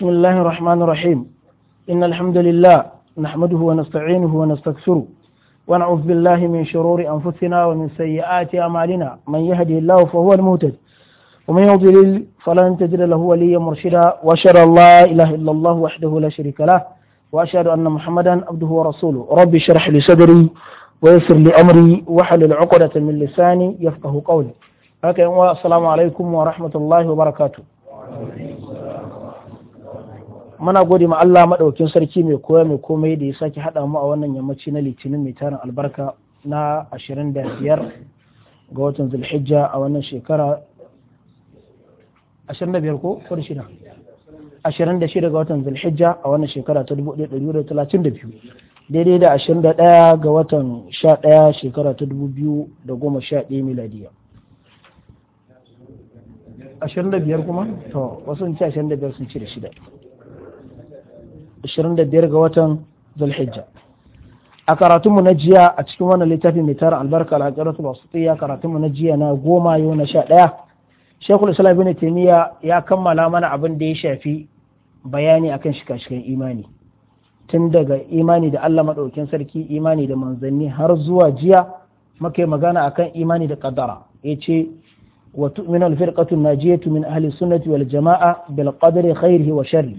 بسم الله الرحمن الرحيم إن الحمد لله نحمده ونستعينه ونستغفره ونعوذ بالله من شرور أنفسنا ومن سيئات أعمالنا من يهدي الله فهو المهتد ومن يضلل فلن تجد له وليا مرشدا وأشهد أن لا إله إلا الله وحده لا شريك له وأشهد أن محمدا عبده ورسوله ربي اشرح لي صدري ويسر لي أمري واحلل عقدة من لساني يفقه قولي السلام عليكم ورحمة الله وبركاته muna gode ma Allah madaukin sarki mai koya mai komai da ya sake haɗa mu a wannan yammaci na litinin mai tarin albarka na 25 ga watan zulhijja a wannan shekara 25 ko ko shida 26 ga watan zulhijja a wannan shekara ta 1132 daidai da 21 ga watan 11 shekara ta 2011 miladiya 25 kuma to wasu sun ce 25 sun ci da shida 25 ga watan zulhijja a karatunmu na jiya a cikin wannan littafin mai tara albarka al'ajaratu basitiya karatunmu na jiya na goma yau na sha ɗaya shekul islam bin taimiyya ya kammala mana abin da ya shafi bayani akan shika shiken imani tun daga imani da allah maɗaukin sarki imani da manzanni har zuwa jiya maka magana akan imani da kaddara ya ce wa tu'minu al-firqatu najiyatu min ahli sunnati wal jama'a bil qadri khairihi wa sharri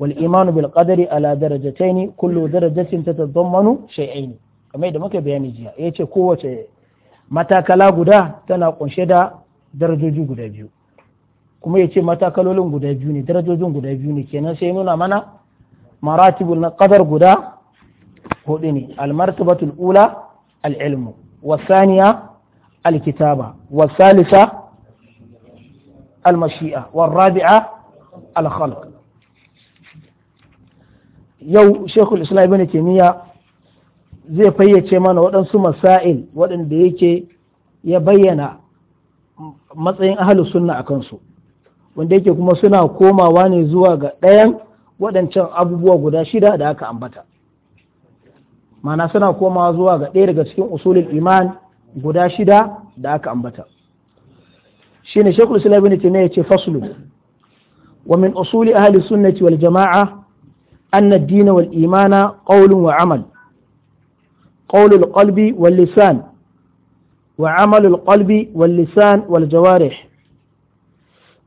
imanu والإيمان بالقدر على درجتين ta درجة تتضمن شيئين kamar yadda muka bayani jiya ya ce kowace matakala guda tana kunshe da darajoji guda biyu kuma ya ce matakalolin guda biyu ne darajojin guda biyu ne kenan sai nuna mana maratibul na qadar guda hudu al almartabatul ula al-cilmu, al'ilmu wasaniya alkitaba wasalisa almashi'a warrabi'a alkhalq yau shekul islam ibn taimiyya zai fayyace mana waɗansu masail waɗanda yake ya bayyana matsayin ahalus sunna a kansu wanda yake kuma suna komawa ne zuwa ga ɗayan waɗancan abubuwa guda shida da aka ambata mana suna komawa zuwa ga ɗaya daga cikin usulul iman guda shida da aka ambata shine shekul islam ibn taimiyya ya ce faslu wa min usuli ahli sunnati wal jama'a أن الدين والإيمان قول وعمل قول القلب واللسان وعمل القلب واللسان والجوارح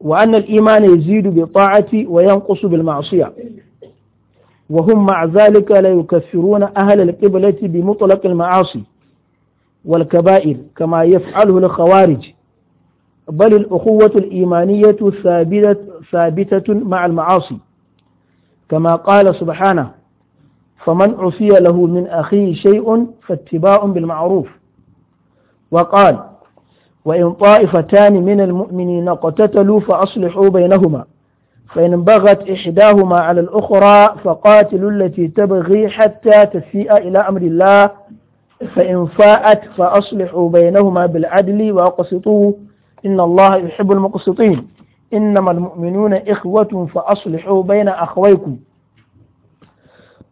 وأن الإيمان يزيد بالطاعة وينقص بالمعصية وهم مع ذلك لا يكفرون أهل القبلة بمطلق المعاصي والكبائر كما يفعله الخوارج بل الأخوة الإيمانية ثابتة, ثابتة مع المعاصي كما قال سبحانه فمن عفي له من أخيه شيء فاتباع بالمعروف وقال وإن طائفتان من المؤمنين اقتتلوا فأصلحوا بينهما فإن بغت إحداهما على الأخرى فقاتلوا التي تبغي حتى تسيء إلى أمر الله فإن فاءت فأصلحوا بينهما بالعدل وأقسطوا إن الله يحب المقسطين إنما المؤمنون إخوة فأصلحوا بين أخويكم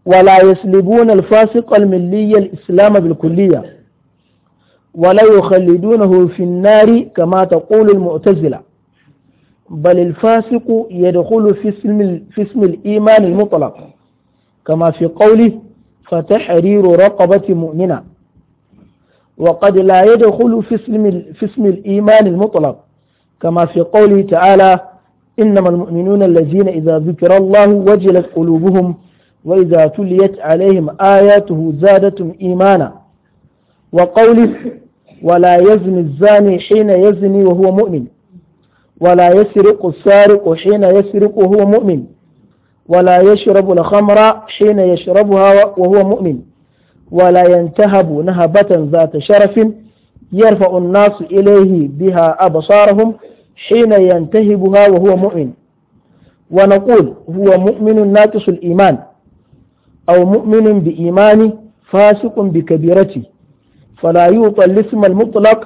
ولا يسلبون الفاسق الملي الإسلام بالكلية ولا يخلدونه في النار كما تقول المعتزلة بل الفاسق يدخل في اسم, في اسم الإيمان المطلق كما في قوله فتحرير رقبة مؤمنة وقد لا يدخل في اسم, في اسم الإيمان المطلق كما في قوله تعالى إنما المؤمنون الذين إذا ذكر الله وجلت قلوبهم وإذا تليت عليهم آياته زادتهم إيمانا وقوله ولا يزني الزاني حين يزني وهو مؤمن ولا يسرق السارق حين يسرق وهو مؤمن ولا يشرب الخمر حين يشربها وهو مؤمن ولا ينتهب نهبة ذات شرف يرفع الناس إليه بها أبصارهم حين ينتهبها وهو مؤمن ونقول هو مؤمن ناقص الإيمان أو مؤمن بإيمانه فاسق بكبيرته فلا يوطى الاسم المطلق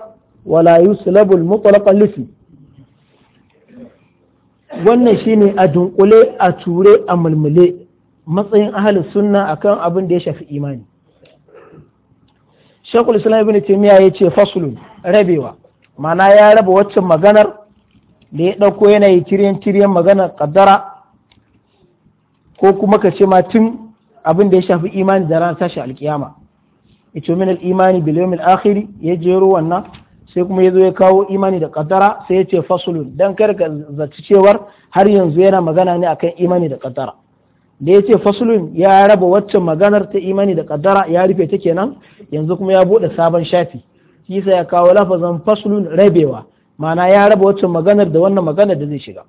ولا يسلب المطلق الاسم wannan shine a dunkule a ture a mulmule matsayin ahli sunna akan abin da ya shafi imani shekul islam ibn taymiya ya ce fasulun rabewa ma'ana ya raba waccan maganar da ya ɗauko yanayi ciryen ciryen magana ƙaddara ko kuma ka ce ma tun abin da ya shafi imani da ranar tashi alkiyama ito min al-imani bil akhiri akhir ya jero wannan sai kuma ya zo ya kawo imani da ƙaddara sai ya ce fasulun dan kar ka zaci cewar har yanzu yana magana ne akan imani da ƙaddara, da ya ce fasulun ya raba waccan maganar ta imani da ƙaddara ya rufe ta kenan yanzu kuma ya buɗe sabon shafi shi ya kawo lafazan fasulun rabewa ma'ana ya raba wacce maganar da wannan maganar da zai shiga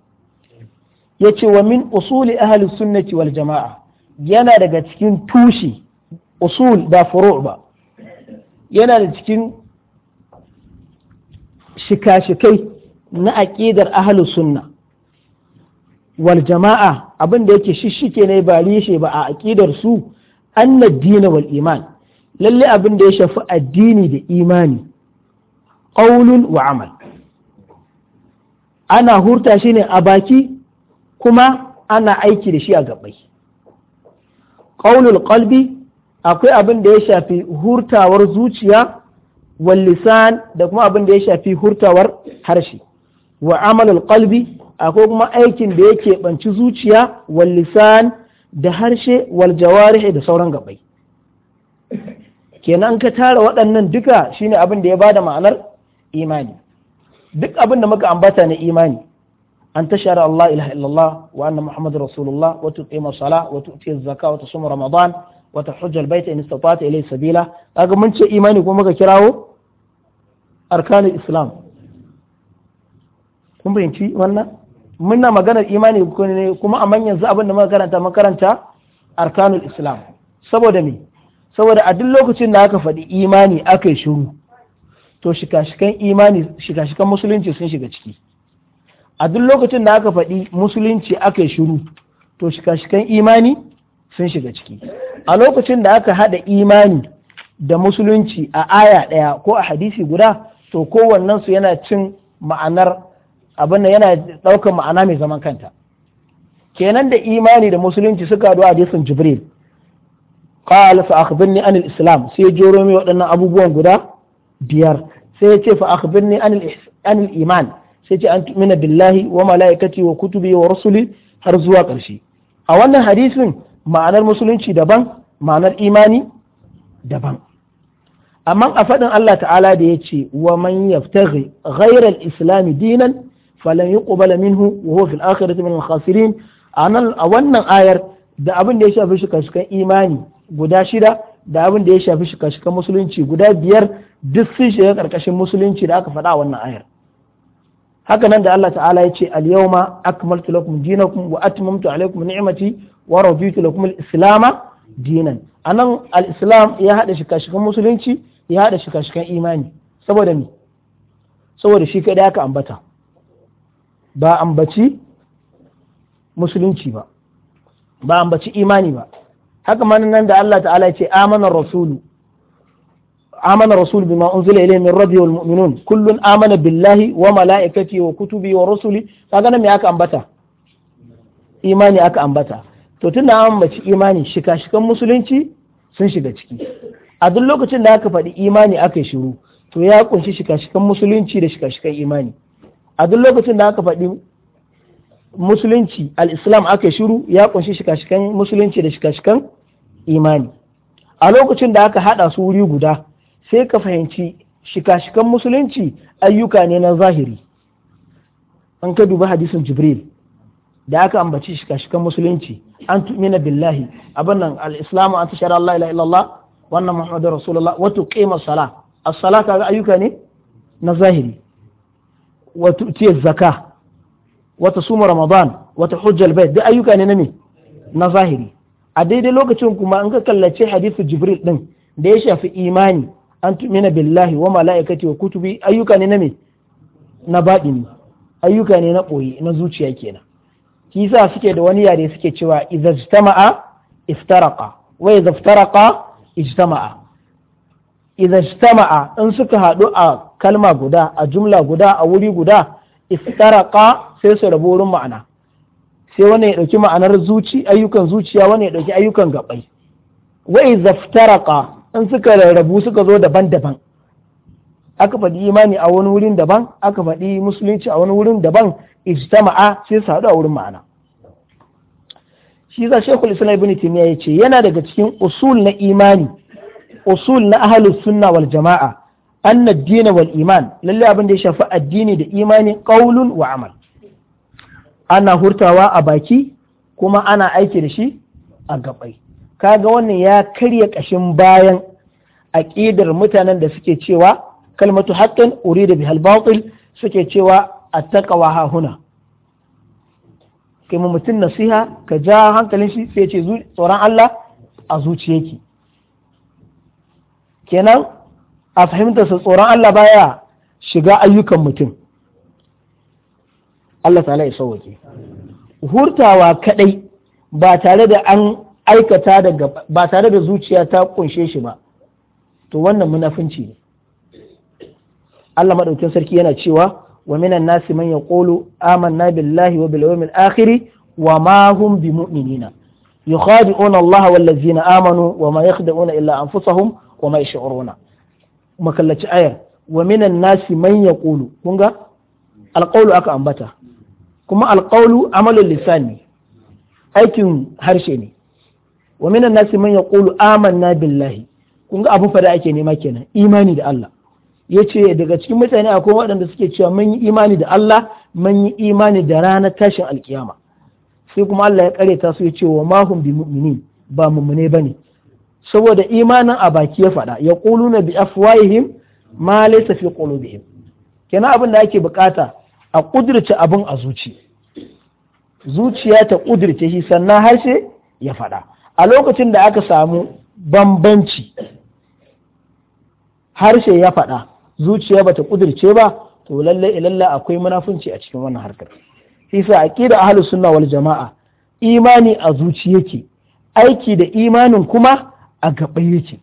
ya ce wa min usuli ahalin sunnati wal jama'a yana daga cikin tushe usul da furu ba yana da cikin shika-shikai na aƙidar ahalin sunna wal jama'a abin da yake shishike ne ba rishe ba a aƙidar su annad dina wal iman lalle abin da ya shafi addini da imani qaulun wa amal ana hurta shi ne a baki kuma ana aiki da shi a gabai Ƙaunul ƙalbi akwai abin da ya shafi hurtawar zuciya wal lisan da kuma abin da ya shafi hurtawar harshe wa amalul qalbi akwai kuma aikin da yake banci zuciya wal da harshe wal jawarihi da sauran gabai kenan ka tara waɗannan duka shine abin da ya bada ma'anar imani duk abin da muka ambata na imani an tashara Allah ilaha illallah wa anna muhammadar rasulullah wa tuqima sala wa tu'ti zakka wa tusum ramadan wa tahujja albayta in istata'ta ilayhi sabila kaga mun ce imani kuma muka kirawo arkanul islam kun bayanci wannan muna maganar imani ne kuma a manyan abin da muka karanta makaranta arkanul islam saboda me saboda a duk lokacin da aka faɗi imani aka yi shiru to shika-shikan imani shika-shikan musulunci sun shiga ciki a duk lokacin da aka faɗi musulunci aka yi shiru to shika-shikan imani sun shiga ciki a lokacin da aka haɗa imani da musulunci a aya ɗaya ko a hadisi guda to kowannensu yana cin ma'anar abin da yana ɗaukar ma'ana mai zaman kanta kenan da imani da musulunci suka haɗu a hadisin jibril qala fa akhbirni anil islam sai jero mai waɗannan abubuwan guda biyar sai ya ce fa akhbirni anil iman sai ce an tu'mina billahi wa malaikati wa kutubi wa rusuli har zuwa ƙarshe a wannan hadisin ma'anar musulunci daban ma'anar imani daban amma a faɗin Allah ta'ala da ya ce wa man yaftaghi ghayra al-islam dinan falan yuqbala minhu wa huwa fil akhirati min al-khasirin a wannan ayar da abin da ya shafi shi imani guda shida da abin da ya shafi shika-shikan musulunci guda biyar duk sun shiga karkashin musulunci da aka faɗa a wannan ayar haka nan da Allah ta'ala ya ce al-yawma akmaltu lakum dinakum wa atmamtu alaykum ni'mati wa raditu lakum al islama dinan anan al-islam ya hada shika-shikan musulunci ya hada shika-shikan imani saboda me saboda shi kai aka ambata ba ambaci musulunci ba ba ambaci imani ba haka man nan da Allah ta'ala ce amana rasulu amana rasul bima unzila ilayhi min rabbi wal mu'minun kullun amana billahi wa malaikatihi wa kutubi wa rusuli kaga nan me aka ambata imani aka ambata to tunda an ambaci imani shika shikan musulunci sun shiga ciki a duk lokacin da aka faɗi imani aka shiru to ya kunshi shika shikan musulunci da shika shikan imani a duk lokacin da aka faɗi musulunci al-islam aka shiru ya kunshi shika shikan musulunci da shika shikan imani a lokacin da aka haɗa su wuri guda sai ka fahimci shika-shikan musulunci ayyuka ne na zahiri an ka duba hadisin jibril da aka ambaci shika-shikan musulunci an tumina billahi abin nan Al'islamu an tashar Allah ila illallah wannan muhammadu rasulullah wato ƙimar sala as-sala kaga ayyuka ne na zahiri wato tiya zakka wata suma ramadan wata hujjal bai da ayyuka ne na me na zahiri a daidai lokacin kuma an ka kallace Hadisu jibril ɗin, da ya shafi imani an tumina billahi wa mala'ikati wa kutubi ayyuka ne na me na ne ayyuka ne na ɓoye na zuciya kenan kisa suke da wani yare suke cewa idza ijtama'a iftaraqa wa idza iftaraqa ijtama'a idza in suka haɗu a kalma guda a jumla guda a wuri guda iftaraqa sai su rabu wurin ma'ana sai wani ya ɗauki ma'anar zuci ayyukan zuciya wani ya ɗauki ayyukan gabai wai zaftaraka in suka rarrabu suka zo daban-daban aka faɗi imani a wani wurin daban aka faɗi musulunci a wani wurin daban ijtama'a sai su haɗu a wurin ma'ana shi za shekul islam ibn timiya ya ce yana daga cikin usul na imani usul na ahlus sunna wal jama'a anna dina wal iman lallai abin da ya shafi addini da imani qaulun wa amal ana hurtawa a baki kuma ana aiki da shi a gabai ga wannan ya karya ƙashin bayan aƙidar mutanen da suke cewa kalmatu haqqin urida bihal batil suke cewa attaqwa ha huna kai mutum nasiha ka ja hankalin shi sai ce tsoron Allah a zuciyarki kenan a fahimtarsa tsoron Allah baya shiga ayyukan mutum Allah ta'ala ya sauwake hurtawa kadai ba tare da an aikata daga ba tare da zuciya ta kunshe shi ba to wannan munafunci ne Allah madaukin sarki yana cewa wa minan nasi man yaqulu amanna billahi wa bil yawmil akhir wa ma hum bimu'minina yukhadi'una Allah wal ladzina amanu wa ma yakhda'una illa anfusahum wa ma yash'uruna makallaci ayar wa minan nasi man yaqulu Kunga? alqawlu aka ambata kuma alƙaulu amalin lisani aikin harshe ne wa minan nasi man yaqulu amanna billahi kun ga abu fada ake nema kenan imani da Allah yace daga cikin mutane akwai waɗanda suke cewa mun yi imani da Allah mun yi imani da ranar tashin alkiyama sai kuma Allah ya kare ta su ya ce wa mahum bi mu'minin ba mummune bane saboda imanin a baki ya faɗa ya na bi afwahihim ma laysa fi qulubihim kenan abin da ake bukata a ƙudurce abin a zuci zuciya ta ƙudurce shi sannan harshe ya faɗa a lokacin da aka samu bambanci harshe ya faɗa zuciya bata ƙudurce ba to lallai ilalla akwai munafunci a cikin wannan harkar isa a ahlus sunna wal jamaa imani a zuci yake aiki da imanin kuma a gaɓai yake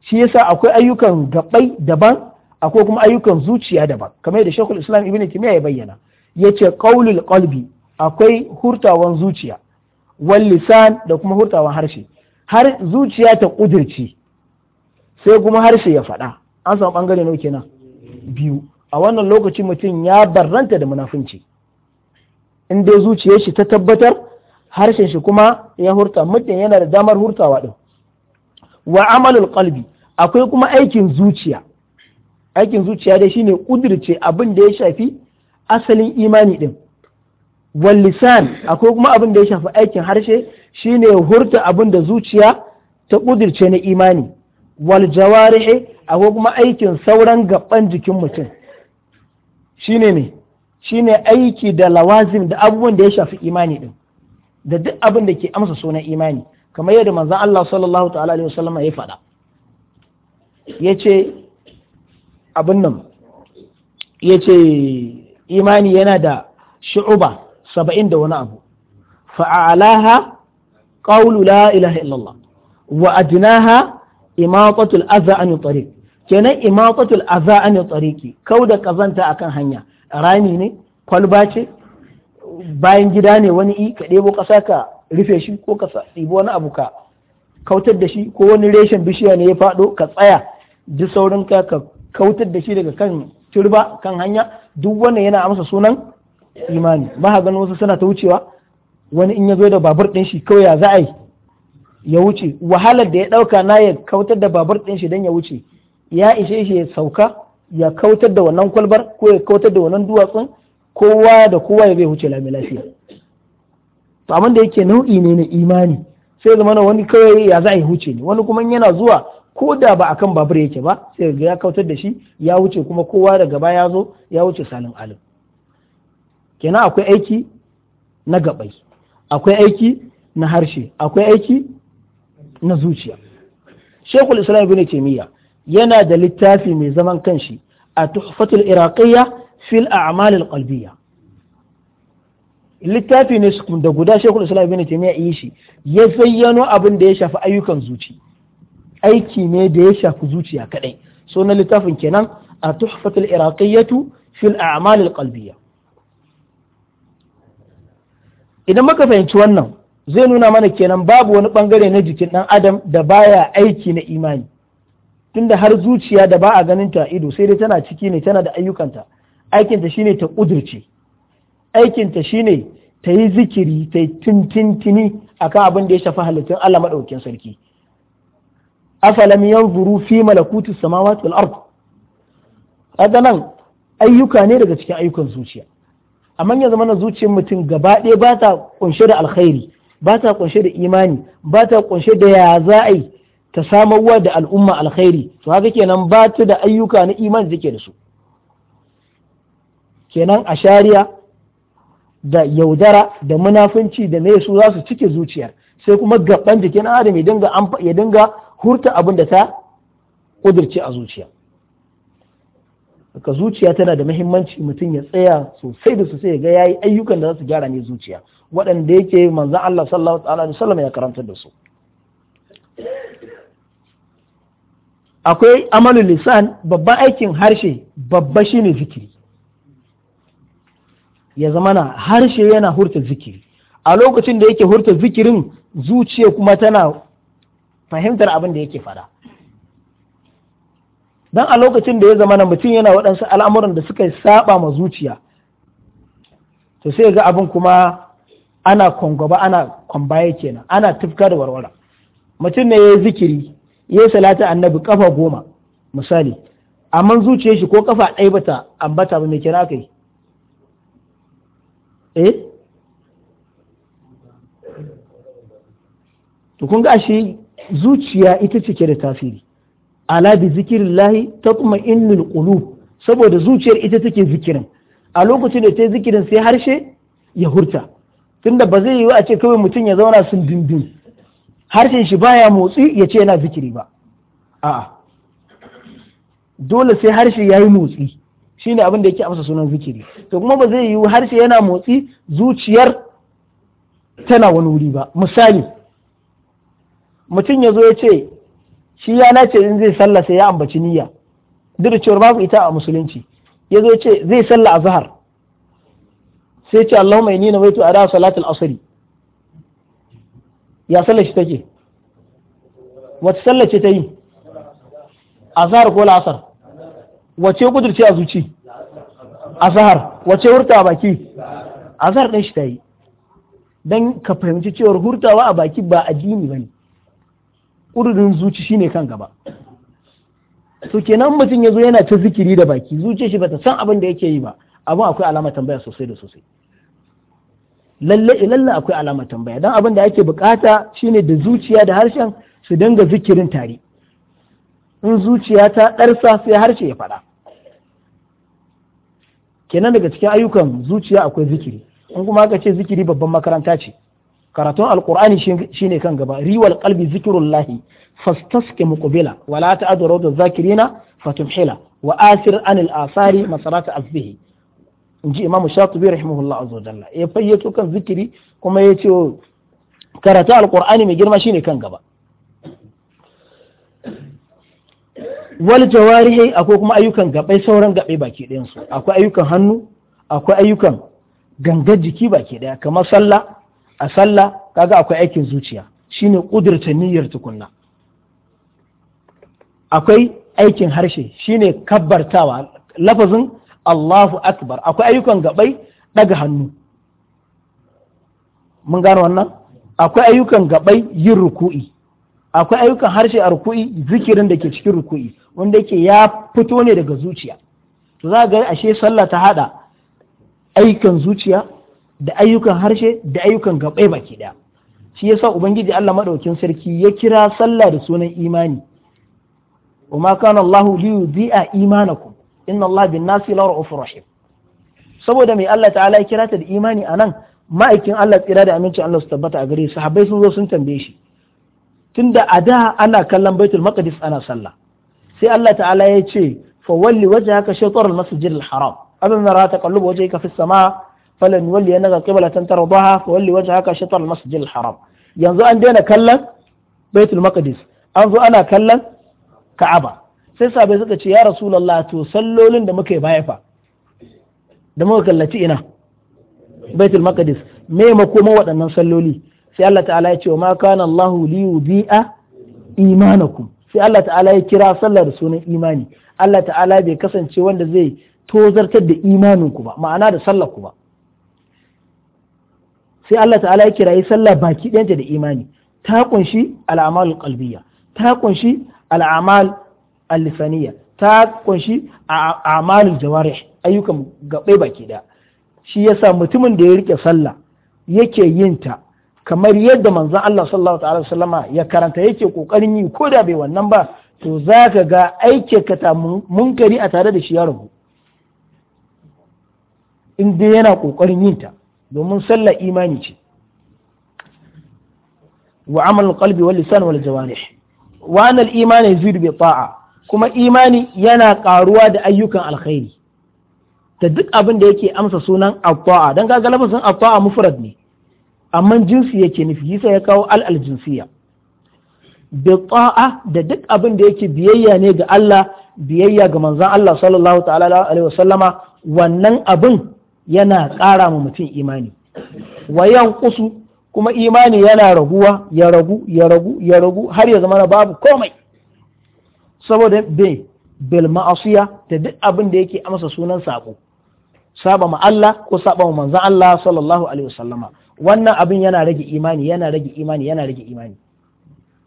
shi yasa akwai ayyukan gaɓai daban akwai kuma ayyukan zuciya daban kamar yadda shekul islam ibn timiya ya bayyana ya ce ƙaulul ƙalbi akwai hurtawan zuciya wal lisan da kuma hurtawan harshe har zuciya ta ƙudurci sai kuma harshe ya faɗa an samu ɓangare nawa kenan biyu a wannan lokaci mutum ya barranta da munafunci in dai zuciyar shi ta tabbatar harshen shi kuma ya hurta mutum yana da damar hurtawa ɗin. wa amalul ƙalbi akwai kuma aikin zuciya aikin zuciya dai shine kudirce abin da ya shafi asalin imani din wal lisan akwai kuma abin da ya shafi aikin harshe shine hurta abin da zuciya ta kudirce na imani wal jawarihi akwai kuma aikin sauran gaban jikin mutum shine ne shine aiki da lawazim da abubuwan da ya shafi imani din da duk abin da ke amsa sunan imani kamar yadda manzon Allah sallallahu ta'ala alaihi wasallam ya faɗa yace abin nan ya ce imani yana da shu'uba saba'in da wani abu fa'alaha qawlu la ilaha illallah wa adnaha imaqatul adha an tariq kenan imaqatul adha an tariqi kau da kazanta akan hanya rami ne kwalba ce bayan gida ne wani i ka ɗebo ƙasa ka rufe shi ko ka ibo wani abu ka kautar da shi ko wani reshen bishiya ne ya faɗo ka tsaya ji saurin ka ka kautar da shi daga kan turba kan hanya duk wanda yana amsa sunan imani ba ha ganin wasu suna ta wucewa wani in ya zo da babur ɗin shi kawai ya za a yi ya wuce wahalar da ya ɗauka na ya kautar da babur ɗin shi don ya wuce ya ishe shi ya sauka ya kautar da wannan kwalbar ko ya kautar da wannan duwatsun kowa da kowa ya bai wuce lami lafiya to amma da yake nau'i ne na imani sai zama wani kawai ya za a yi wuce ne wani kuma yana zuwa ko da ba akan babur yake ba sai ga ya kautar da shi ya wuce kuma kowa daga baya ya zo ya wuce salin alim kenan akwai aiki na gabai akwai aiki na harshe akwai aiki na zuciya shekul islam ibn taimiyya yana da littafi mai zaman kanshi a tuhfatul iraqiyya fil a'mal al qalbiyya littafi ne da guda shekul islam ibn taimiyya yi shi ya zayyano abin da ya shafi ayyukan zuci aiki ne da ya shafi zuciya kaɗai, so na littafin kenan a tuhfatul iraqiyyatu fil a'mal al idan muka fahimci wannan zai nuna mana kenan babu wani bangare na jikin dan adam da baya aiki na imani tunda har zuciya da ba a ganin ta ido sai dai tana ciki ne tana da ayyukanta aikinta shine ta kudurce aikinta shine ta yi zikiri ta yi tintintini akan abin da ya shafi halittun Allah madaukakin sarki afalam yanzuru fi malakuti samawati wal ard kaga nan ayyuka ne daga cikin ayyukan zuciya amma ya zama na zuciyar mutum gaba ɗaya ba ta kunshe da alkhairi ba ta kunshe da imani ba ta kunshe da ya za a yi ta samarwa da al'umma alkhairi to haka kenan ba ta da ayyuka na imani take da su kenan a shari'a da yaudara da munafunci da mai su za su cike zuciyar sai kuma gaban jikin adam ya ya dinga hurta abin da ta ƙudurce a zuciya ka zuciya tana da muhimmanci mutum ya tsaya sosai da sosai ya ga yayi ayyukan da za su gyara ne zuciya waɗanda yake manzan Allah sallallahu alaihi wasallam ya karanta da su akwai amalul lisan babban aikin harshe babba shine zikiri ya zamana harshe yana hurta zikiri a lokacin da yake hurta zikirin zuciya kuma tana fahimtar abin da yake fada Don a lokacin da ya zama na mutum yana waɗansu al'amuran da suka saba ma zuciya to sai ga abin kuma ana kwangwaba ana kwambaye kenan ana tufka da warwara mutum ne ya yi zikiri ya yi salata annabi kafa goma misali amma zuciya shi ko kafa ɗaya bata ambata ba mai kira kai eh to kun ga shi zuciya ita ke da tasiri ala bi kuma tatma'innul qulub saboda zuciyar ita take zikirin a lokacin da ta yi zikirin sai harshe ya hurta tunda ba zai yi a ce kawai mutum ya zauna sun dindin harshen shi baya motsi ya ce yana zikiri ba a'a dole sai harshe ya yi motsi shine abin da yake amsa sunan zikiri to kuma ba zai yi harshe yana motsi zuciyar tana wani wuri ba misali mutum ya zo ya ce shi ya nace in zai sallah sai ya ambaci niyya duk da cewar babu ita a musulunci ya zo ya ce zai sallah a zahar sai ce Allahumma inni nawaitu ada salatul asri ya sallar shi take wata sallar ce ta yi A zahar ko la'asar wace kudurce a zuci A zahar wace hurta a baki zahar ɗin shi ta yi don ka fahimci cewar hurtawa a baki ba addini ba ne ƙudurin zuci shine kan gaba to kenan mutum ya zo yana ta zikiri da baki zuciya shi bata san abin da yake yi ba abin akwai alama tambaya sosai da sosai lalle lalle akwai alama tambaya don abin da ake bukata shine da zuciya da harshen su dinga zikirin tare in zuciya ta ɗarsa sai harshe ya faɗa kenan daga cikin ayyukan zuciya akwai zikiri in kuma aka ce zikiri babban makaranta ce karatun alkurani shine kan gaba riwal qalbi zikrullahi fastaske muqbila wala ta'duru zakirina fatumhila wa asir anil asari masarata azbihi inji imam shatibi rahimahullah azza jalla ya fayyato kan zikiri kuma ya ce karatu alqur'ani mai girma shine kan gaba wal jawarihi akwai kuma ayyukan gabai sauran gabai baki ɗayan su akwai ayyukan hannu akwai ayyukan gangar jiki baki ɗaya kamar sallah a sallah kaga akwai aikin zuciya shine kudurta niyyar tukunna akwai aikin harshe shine kabbartawa lafazin Allahu akbar akwai ayyukan gabai daga hannu mun gano wannan akwai ayyukan gabai yin ruku'i akwai ayyukan harshe a ruku'i zikirin da ke cikin ruku'i wanda yake ya fito ne daga zuciya to za ga ashe sallah ta hada aikin zuciya da ayyukan harshe da ayyukan gabai baki ɗaya shi yasa ubangiji Allah madaukin sarki ya kira sallah da sunan imani wa ma kana Allahu li yudhi'a imanakum inna Allah bin nasi la ra'ufur rahim saboda mai Allah ta'ala ya kira ta da imani anan ma'aikin Allah tsira da amincin Allah su tabbata a gare sahabbai sun zo sun tambaye shi tunda a da ana kallon baitul maqdis ana sallah sai Allah ta'ala ya ce fa walli wajhaka shatr al-masjid al-haram abin mara taqallubu wajhika fi as-sama falan walli yanaka qiblatan tardaha fa walli wajhaka shatr al-masjid al-haram yanzu an daina kallon baitul maqdis an zo ana kallon ka'aba sai sabe suka ce ya rasulullah to sallolin da muka baya fa da muka kallaci ina baitul maqdis me makoma waɗannan salloli sai Allah ta'ala ya ce wa ma kana Allahu li yudhi'a imanakum sai Allah ta'ala ya kira sallar sunan imani Allah ta'ala bai kasance wanda zai tozartar da imaninku ba ma'ana da sallar ku ba sai Allah ta'ala ya kirayi sallah baki ɗayanta da imani ta kunshi al'amal qalbiyya ta kunshi al'amal al-lisaniyya ta kunshi a'mal jawarih ayyukan gabe baki ɗaya shi yasa mutumin da ya rike sallah yake yin ta kamar yadda manzon Allah sallallahu ta'ala sallama ya karanta yake kokarin yi ko da bai wannan ba to zaka ga aike ka ta munkari a tare da shi ya rabu in dai yana kokarin yin ta domin sallar imani ce wa amal qalbi wal lisan wal jawarih wa anal imani yazidu bi ta'a kuma imani yana karuwa da ayyukan alkhairi da duk abin da yake amsa sunan at-ta'a dan ga galaba sun taa mufrad ne amma jinsi yake nufi yasa ya kawo al al jinsiya bi ta'a da duk abin da yake biyayya ne ga Allah biyayya ga manzon Allah sallallahu ta'ala alaihi wasallama wannan abin yana ƙara ma mutum imani Wayan ƙusu kuma imani yana raguwa ya ragu ya ragu ya ragu har ya zama babu komai saboda bai bil ma'asiya da duk abin da yake amsa sunan sako saba ma Allah ko saba ma manzon Allah sallallahu alaihi wasallama wannan abin yana rage imani yana rage imani yana rage imani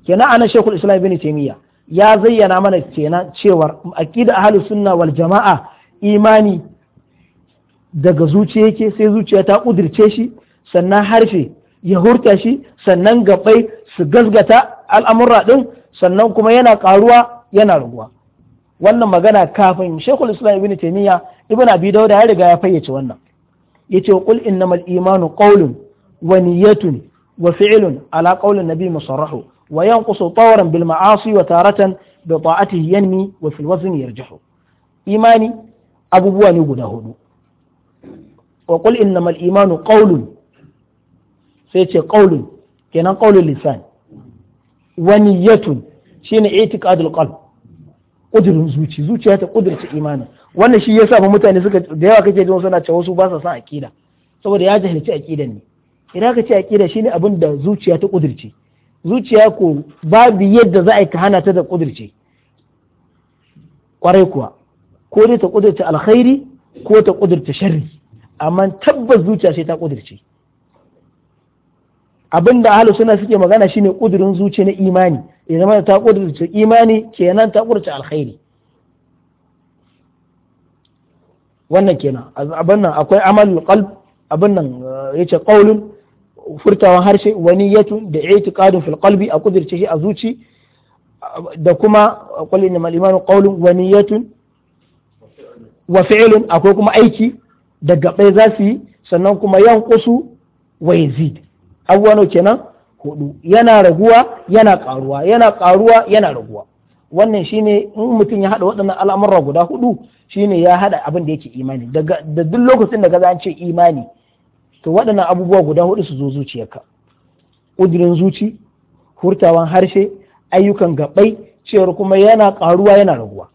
kenan ana shekul islam ibn taymiya ya zayyana mana kenan cewar aqida ahlus sunna wal jama'a imani daga zuciya yake sai zuciya ta ƙudirce shi sannan harshe ya hurta shi sannan gabai su gazgata al'amurra ɗin sannan kuma yana ƙaruwa yana raguwa wannan magana kafin shekul islam ibn taimiyya ibn abi dauda ya riga ya fayyace wannan yace qul innamal imanu qawlun wa niyyatun wa fi'lun ala qawlin nabi musarrahu wa yanqusu tawran bil ma'asi wa taratan bi ta'atihi yanmi wa fil wazn yarjihu imani abubuwa ne guda hudu wa qul innamal imanu qawlun sai ce qawlun kenan qawlul lisan wa niyyatun shine i'tiqadul qalb kudurin zuci zuciya ta imani wannan shi yasa ba mutane suka da yawa kake jin suna cewa wasu ba sa san aƙida saboda ya jahilci aqidan ne idan ka ce akida shine abin da zuciya ta kudurce zuciya ko babu yadda za a yi ka hana ta da kudurce kwarai kuwa ko dai ta kudurta alkhairi ko ta kudurta sharri amma tabbas zuciya sai ta kudirce abinda ahalu suna suke magana shine kudirin zuciya na imani ya zama ta kudirce imani kenan ta kudirce alkhairi wannan kenan abin nan akwai amal qalb abin nan eh, yace qaulun furtawan harshe tun da i'tiqadun fil qalbi a kudirce shi a zuci da kuma qul innamal imanu qaulun tun wa fi'lun akwai kuma aiki da gabai za su yi sannan kuma yan kusu wa yazid awwano kenan hudu yana raguwa yana karuwa yana karuwa yana raguwa wannan shine in mutum ya haɗa waɗannan al'amura guda hudu shine ya haɗa abin da yake imani da duk lokacin da ka ce imani to waɗannan abubuwa guda hudu su zo zuciyarka ƙudurin zuci hurtawan harshe ayyukan gaɓai, cewar kuma yana karuwa yana raguwa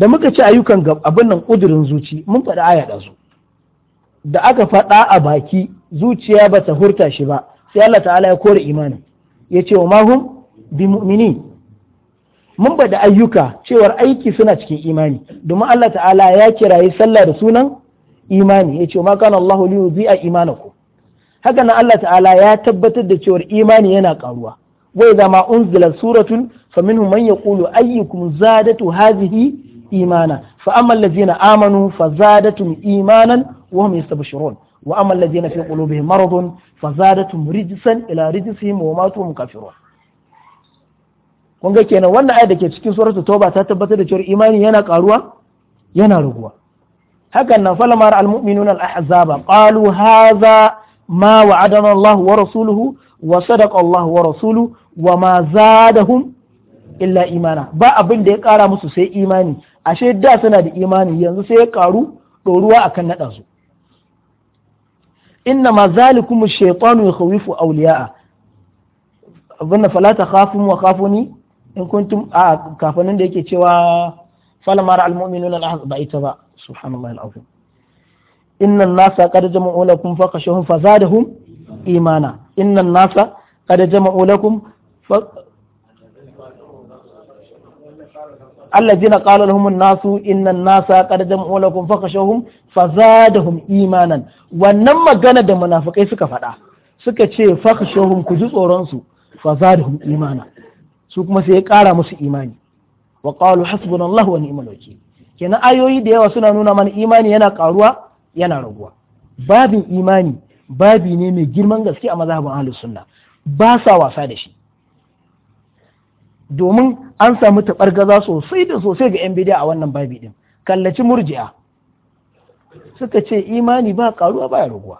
da muka ci ayyukan abin nan ƙudurin zuci mun faɗi aya su da aka faɗa a baki zuciya ba ta hurta shi ba sai Allah ta'ala ya kore imanin ya ce wa mahum bi mu'mini mun faɗi ayyuka cewar aiki suna cikin imani domin Allah ta'ala ya kirayi sallah da sunan imani ya ce ma kana Allahu li yuzi'a imanaku haka nan Allah ta'ala ya tabbatar da cewar imani yana karuwa wai zama unzila suratun faminhum man yaqulu ayyukum zadatu hadhihi imana fa amma allazina amanu fa imanan wa hum yastabshirun wa amma allazina fi qulubihim maradun fa rijsan ila rijsihim wa matu kafirun kun ga kenan wannan ayat da ke cikin suratul tauba ta tabbatar da cewa imani yana karuwa yana raguwa hakan nan falamar almu'minuna al-ahzaba qalu hadha ma wa'adana Allah wa rasuluhu wa sadaqa Allah wa rasuluhu wa ma zadahum illa imana ba abin da ya kara musu sai imani ashe da suna da imani yanzu sai ya karu ɗoruwa akan naɗa su inna ma zalikum shaytanu yakhawifu awliya'a abinda fala ta khafun wa khafuni in kuntum a kafanin da yake cewa falamar ra'al mu'minuna al ba ita ba subhanallahi al-azim inna an-nasa qad jama'u lakum fa za fa zadahum imana inna an-nasa qad jama'u lakum allah qala lahum an-nasu inna an-nasa qad jam'u lakum fakhashawhum fazadahum imanan wannan magana da munafikai suka faɗa suka ce fakhashawhum ku ji tsoron su fazadahum imana su kuma sai ya kara musu imani wa qalu hasbunallahu wa ni'mal wakeel kenan ayoyi da yawa suna nuna mana imani yana karuwa yana raguwa babin imani babi ne mai girman gaske a mazhabin ahlus sunna ba sa wasa da shi domin an samu taɓargaza sosai da sosai ga 'yan bidiya a wannan babi din kallaci murji'a suka ce imani ba karuwa ba ya raguwa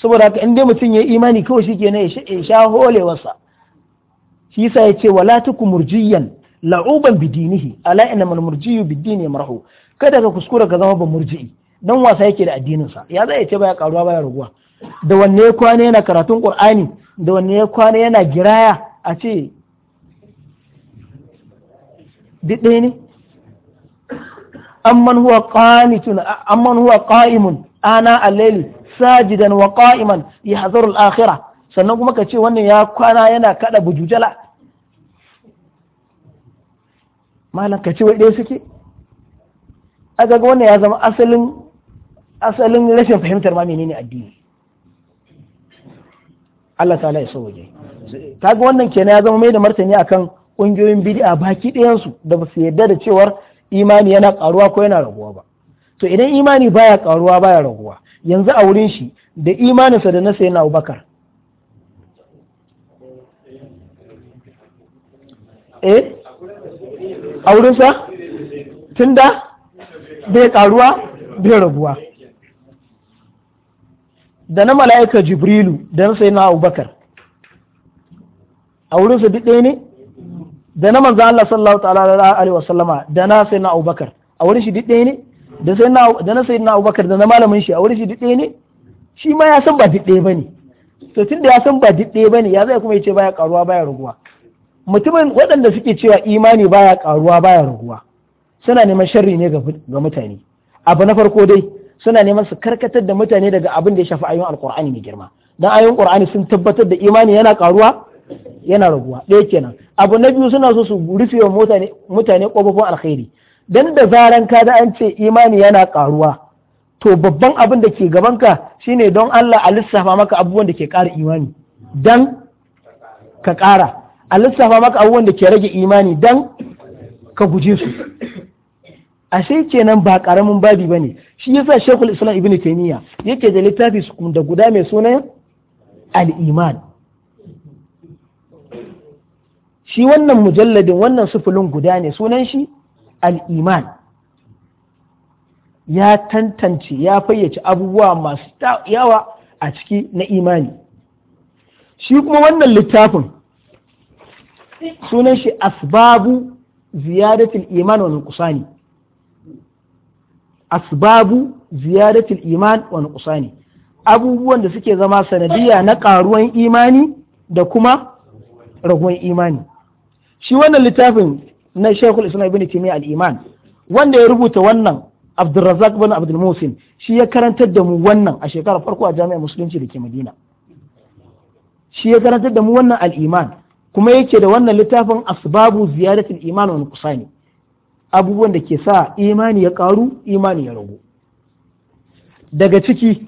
saboda haka inda mutum ya yi imani kawai shi ke na ya sha holewarsa shi yasa ya ce wala tuku murjiyan la'uban bidinihi ala inna murjiyu bidini marhu kada ka kuskura ka zama ba murji'i dan wasa yake da addinin sa ya zai ya ce baya karuwa baya raguwa da wanne ya kwana yana karatun Kur'ani? da wanne ya kwana yana giraya a ce duk ɗaya ne amman huwa qanitun amman huwa qa'imun ana al-layli sajidan wa qa'iman yahzaru al-akhirah sannan kuma kace wannan ya kwana yana kada bujujala malam kace ce wai ɗaya suke aga ga wannan ya zama asalin asalin rashin fahimtar ma menene addini Allah ta'ala ya so waje kaga wannan kenan ya zama mai da martani akan ƙungiyoyin bid'a baki ɗayansu da ba su yarda da cewar imani yana ƙaruwa ko yana raguwa ba to idan imani baya ƙaruwa baya raguwa yanzu a wurin shi da imaninsa da na sayyidina Abubakar eh a wurin tun tunda bai ƙaruwa bai raguwa da na mala'ika jibrilu da na sayyidina Abubakar a wurin sa duk ɗaya ne da na manzo Allah sallallahu ta'ala alaihi wasallama da na sai na Abubakar a wurin shi duk ɗaya ne da sai na da na sai na Abubakar da na malamin shi a wurin shi duk ɗaya ne shi ma ya san ba duk ɗaya bane to tunda ya san ba duk ɗaya bane ya zai kuma yace baya karuwa baya raguwa mutumin waɗanda suke cewa imani baya karuwa baya raguwa suna neman sharri ne ga mutane abu na farko dai suna neman su karkatar da mutane daga abin da ya shafi ayoyin alkur'ani mai girma dan ayoyin qur'ani sun tabbatar da imani yana karuwa yana raguwa ɗaya kenan abu na biyu suna so su rufe wa mutane ƙofofin alkhairi dan da zaran ka da an ce imani yana karuwa to babban abin da ke gabanka shine don Allah a lissafa maka abubuwan da ke ƙara imani dan ka ƙara a lissafa maka abubuwan da ke rage imani dan ka guje su ashe kenan ba karamin babi bane shi yasa shekul Islam ibnu taymiya yake da littafi da guda mai sunan al-iman shi wannan mujalladin wannan sufulin guda ne sunan shi al'iman ya tantance ya fayyace abubuwa masu yawa a ciki na imani shi kuma wannan littafin sunan shi asbabu ziyadatul iman wa nuqsani asbabu ziyadatul iman wa nuqsani abubuwan da suke zama sanadiyya na karuwan imani da kuma raguwan imani shi wannan littafin na shekul islam ibn timi al-iman wanda ya rubuta wannan abdulrazak bin abdul musin shi ya karantar da mu wannan a shekarar farko a jami'ar musulunci da ke madina shi ya karantar da mu wannan al'iman, kuma yake da wannan littafin asbabu ziyaratul iman wa nuqsani abubuwan da ke sa imani ya karu imani ya ragu daga ciki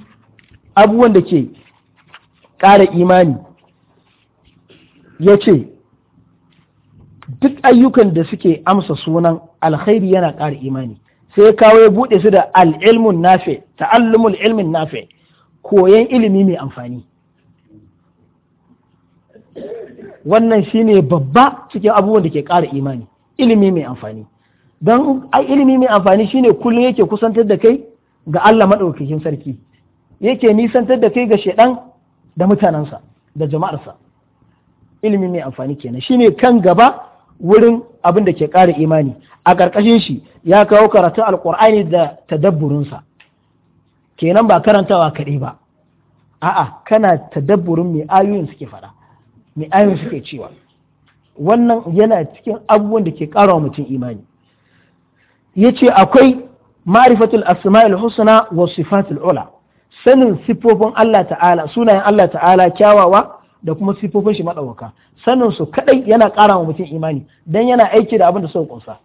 abubuwan da ke ƙara imani ya ce duk ayyukan da suke amsa sunan alkhairi yana ƙara imani sai kawo ya buɗe su da al'ilmun nafe ta'allumul ilmin nafe koyan ilimi mai amfani wannan shine babba cikin abubuwan da ke ƙara imani ilimi mai amfani don ilimi mai amfani shine kullum yake kusantar da kai ga Allah maɗaukakin sarki yake nisantar da kai ga shaidan da mutanensa da jama'arsa ilimi mai amfani kenan shine kan gaba wurin abin da ke ƙara imani a ƙarƙashin shi ya kawo karatun alƙur'ani da tadabburinsa kenan ba karantawa kaɗai ba a'a kana tadabburin mai ayoyin suke faɗa mai ayoyin suke cewa wannan yana cikin abubuwan da ke ƙara wa mutum imani ya ce akwai ma'rifatul asma'il husna wa sifatul ula sanin sifofin Allah ta'ala sunayen Allah ta'ala kyawawa da kuma sifofin shi madawaka sanin su kadai yana ƙara wa mutum imani dan yana aiki da abin da suka kunsa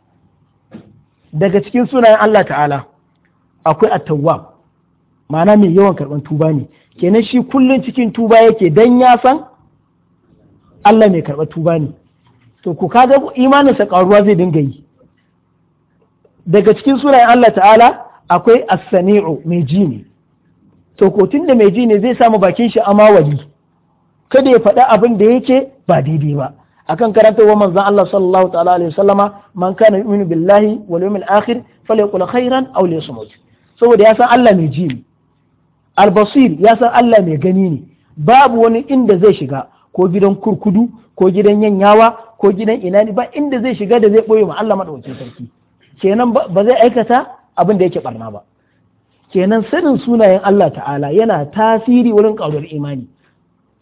daga cikin sunayen Allah ta'ala akwai at-tawwab ma'ana mai yawan karban tuba ne kenan shi kullun cikin tuba yake dan ya san Allah mai karɓar tuba ne to ku kaga sa ƙaruwa zai dinga yi daga cikin sunayen Allah ta'ala akwai as-sami'u mai ji ne to ko tunda mai ji ne zai samu bakin shi amawali kada ya faɗi abin da yake ba daidai ba akan wa manzon Allah sallallahu ta'ala alaihi wasallama man kana yu'minu billahi wal yawmil akhir falyaqul khairan aw liyasmut saboda ya san Allah mai ji ne al-basir ya san Allah mai gani ne babu wani inda zai shiga ko gidan kurkudu ko gidan yanyawa ko gidan inani. ba inda zai shiga da zai boye ma Allah madaukakin sarki kenan ba zai aikata abin da yake barna ba kenan sanin sunayen Allah ta'ala yana tasiri wurin ƙaurar imani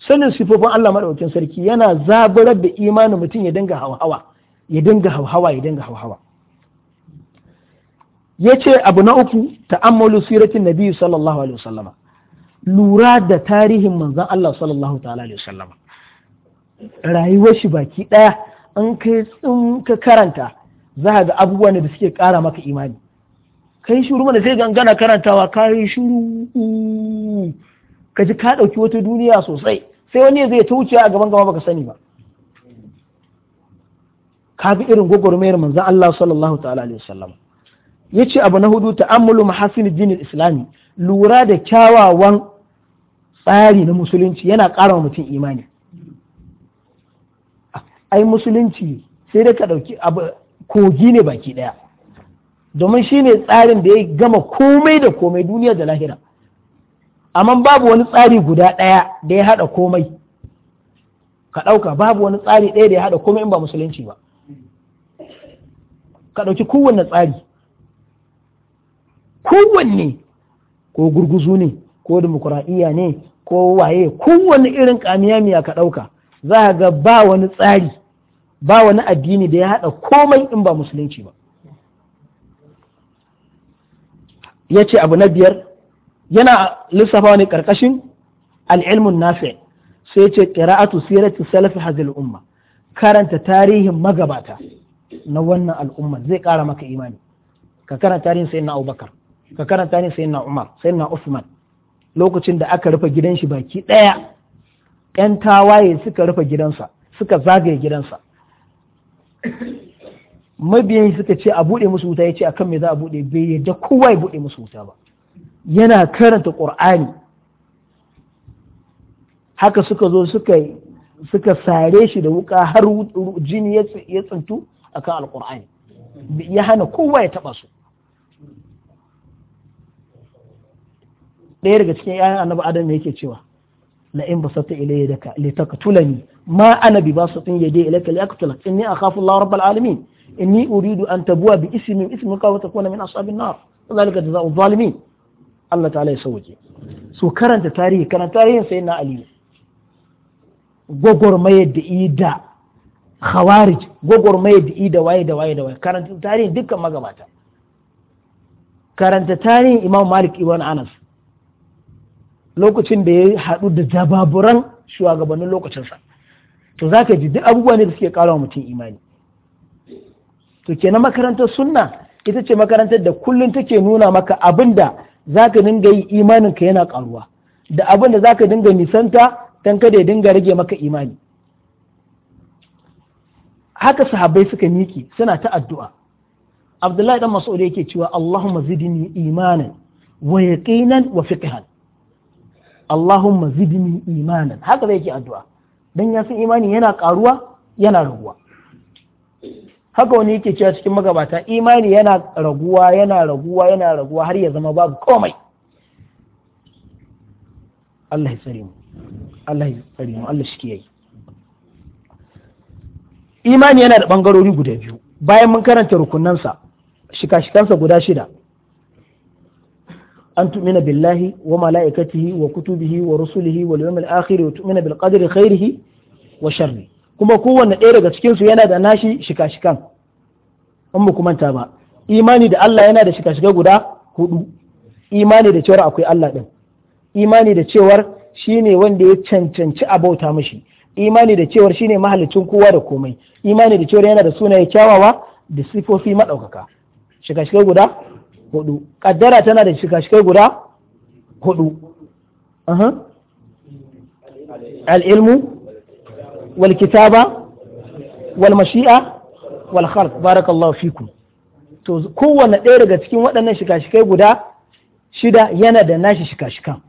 sanin sifofin Allah maɗaukin sarki yana zaburar da imanin mutum ya dinga hauhawa ya dinga hauhawa ya dinga hauhawa ce abu na uku ta'ammalu siratin nabi sallallahu alaihi wasallama lura da tarihin manzon Allah sallallahu ta'ala alaihi wasallama rayuwar shi baki ɗaya an kai tsin ka karanta za a ga abubuwan da suke kara maka imani kai shuru mana sai gangana karantawa kai shuru ka ji ka ɗauki wata duniya sosai sai wani zai ta wuce a gaban gaba baka sani ba ka bi irin gwagwarmayar manzan Allah sallallahu ta'ala alaihi wasallam ce abu na hudu ta'ammulu mahasin dinin islami lura da kyawawan tsari na musulunci yana ƙara wa mutum imani ai musulunci sai dai ka ɗauki abu. kogi ne baki ɗaya domin shi ne tsarin da ya gama komai da komai duniya da lahira amma babu wani tsari guda ɗaya da ya haɗa komai ka ɗauka babu wani tsari ɗaya da ya haɗa komai in ba musulunci ba ka ɗauki kowanne tsari kowanne ko gurguzu ne ko dimokuraɗiyya ne ko waye kowanne irin kamiyamiya ka ɗauka za ga ba wani tsari ba wani addini da ya haɗa komai in ba musulunci ba ya ce abu na biyar yana lissafa ne karkashin al'ilmun ilmun nafi sai ce qira'atu ta salaf hadhihi umma karanta tarihin magabata na wannan al'umma zai kara maka imani ka karanta tarihin sayyidina Abubakar ka karanta tarihin sayyidina Umar sayyidina Uthman lokacin da aka rufe gidan shi baki ɗaya. yan tawaye suka rufe gidansa suka zagaye gidansa mabiyan suka ce a buɗe musu wuta ya ce akan me za a buɗe bai yadda kowa ya buɗe musu wuta ba yana karanta ƙur'ani haka suka zo suka sare shi da wuka har jini ya tsintu kan alƙur'ani ya hana kowa ya taɓa su ɗaya daga cikin ‘ya'yan annabi adam yake cewa la in basata ilayya ka li taqtulani ma ana bi basatin yadi ilayka li aqtulak inni akhafu Allah rabbal alamin inni uridu an tabwa bi ismi ismika wa takuna min ashabin nar dhalika jazaa'u zalimin Allah ta ya sauke su karanta tarihi karanta tarihin sai na aliyu mai da ida khawarij mai da ida waye da waye da waye karanta tarihin dukkan magabata karanta tarihin imam malik ibn anas lokacin da ya haɗu da jababuran shugabannin lokacinsa to za ka ji duk abubuwa ne da suke ƙara wa mutum imani to kenan makarantar sunna ita ce makarantar da kullum take nuna maka abin da zaka dinga yi imanin ka yana karuwa da abin da zaka dinga nisanta dan kada ya dinga rage maka imani haka sahabbai suka miki suna ta addu'a Abdullahi dan Mas'ud yake cewa Allahumma zidni imanan wa yaqinan wa fiqhan Allahumma zidni imanan haka zai yake addu'a dan ya san imani yana karuwa yana raguwa haka wani yake cewa cikin magabata imani yana raguwa yana raguwa yana raguwa har ya zama babu komai Allah ya tsare mu Allah ya tsare mu Allah shi yayi imani yana da bangarori guda biyu bayan mun karanta rukunansa shika-shikansa guda shida an tu'mina billahi wa mala'ikatihi wa kutubihi wa rusulihi wa yawmil akhir wa tu'mina bil qadri khairihi wa sharrihi kuma kowanne ɗaya daga cikinsu yana da nashi shika-shikan in mu manta ba imani da Allah yana da shika-shika guda hudu imani da cewar akwai Allah ɗin imani da cewar shine wanda ya cancanci a bauta mashi imani da cewar shine mahalicin kowa da komai imani da cewar yana da sunaye kyawawa da sifofi maɗaukaka shika-shikai guda hudu kaddara tana da shika-shikai guda hudu al'ilmu wal kitaba wal mashi'a wal khalq barakallahu fikum to kowanne ɗaya daga cikin waɗannan shika-shikai guda shida yana da nashi shika-shikan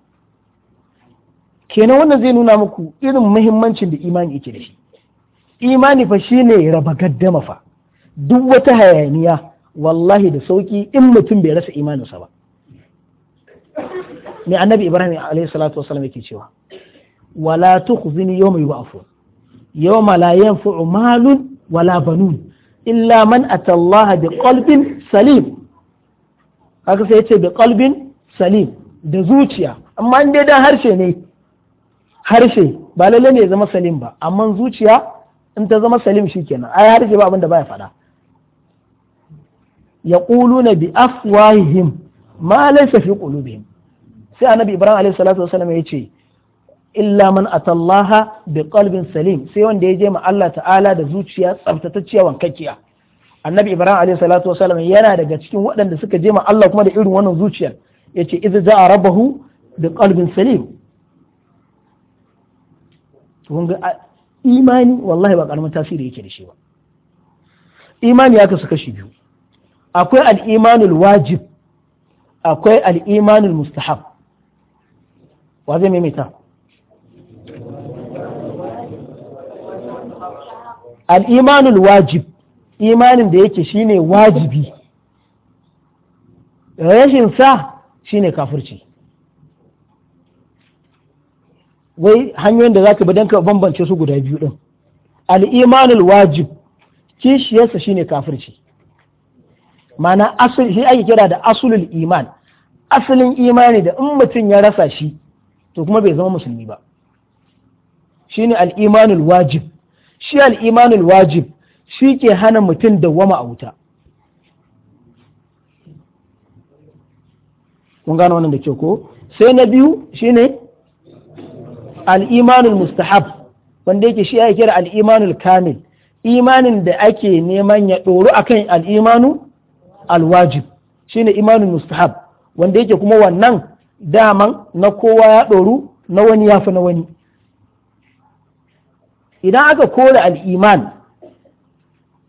kenan wannan zai nuna muku irin muhimmancin da imani yake da shi imani fa shine raba gaddama fa duk wata hayaniya wallahi da sauki in mutum bai rasa imaninsa ba mai annabi ibrahim alaihi salatu wasallam yake cewa wala tukhzini yawma yub'athun yau malayen malun wala banun illa man atallaha bi qalbin salim haka sai yace bi qalbin salim da zuciya amma in dai dan harshe ne harshe ba lalle ne ya zama salim ba amma zuciya in ta zama salim shikenan ai harshe ba abin da baya faɗa na bi afwahihim ma laysa fi qulubihim sai annabi ibrahim alaihi ya ce illa man atallaha bi qalbin salim sai wanda ya je ma Allah ta'ala da zuciya tsaftatacciya wankakkiya annabi ibrahim alaihi salatu wasallam yana daga cikin waɗanda suka je ma Allah kuma da irin wannan zuciyar yace idza ja'a rabbahu bi qalbin salim kun ga imani wallahi ba karamin tasiri yake da shi ba imani ya kasu kashi biyu akwai al-imanul wajib akwai al-imanul mustahab wa zai maimaita al'imanul wajib imanin da yake shine wajibi rashin sa shine kafirci wai hanyoyin da zaka bi don ka bambance su guda biyu ɗin al'imanul wajib kishiyarsa shine kafirci mana asul shi ake kira da asulul iman asalin imani da in mutum ya rasa shi to kuma bai zama musulmi ba shine al'imanul wajib shi al'imanul wajib shi ke hana mutum dawwama a wuta kun gano wannan da ke ko sai na biyu shi ne al'imanul mustahab wanda yake shi ya kira al'imanul kamil imanin da ake neman ya ɗoru akan al'imanu alwajib shi ne imanin mustahab wanda yake kuma wannan daman na kowa ya ɗoru na wani ya fi na wani idan aka kore al'iman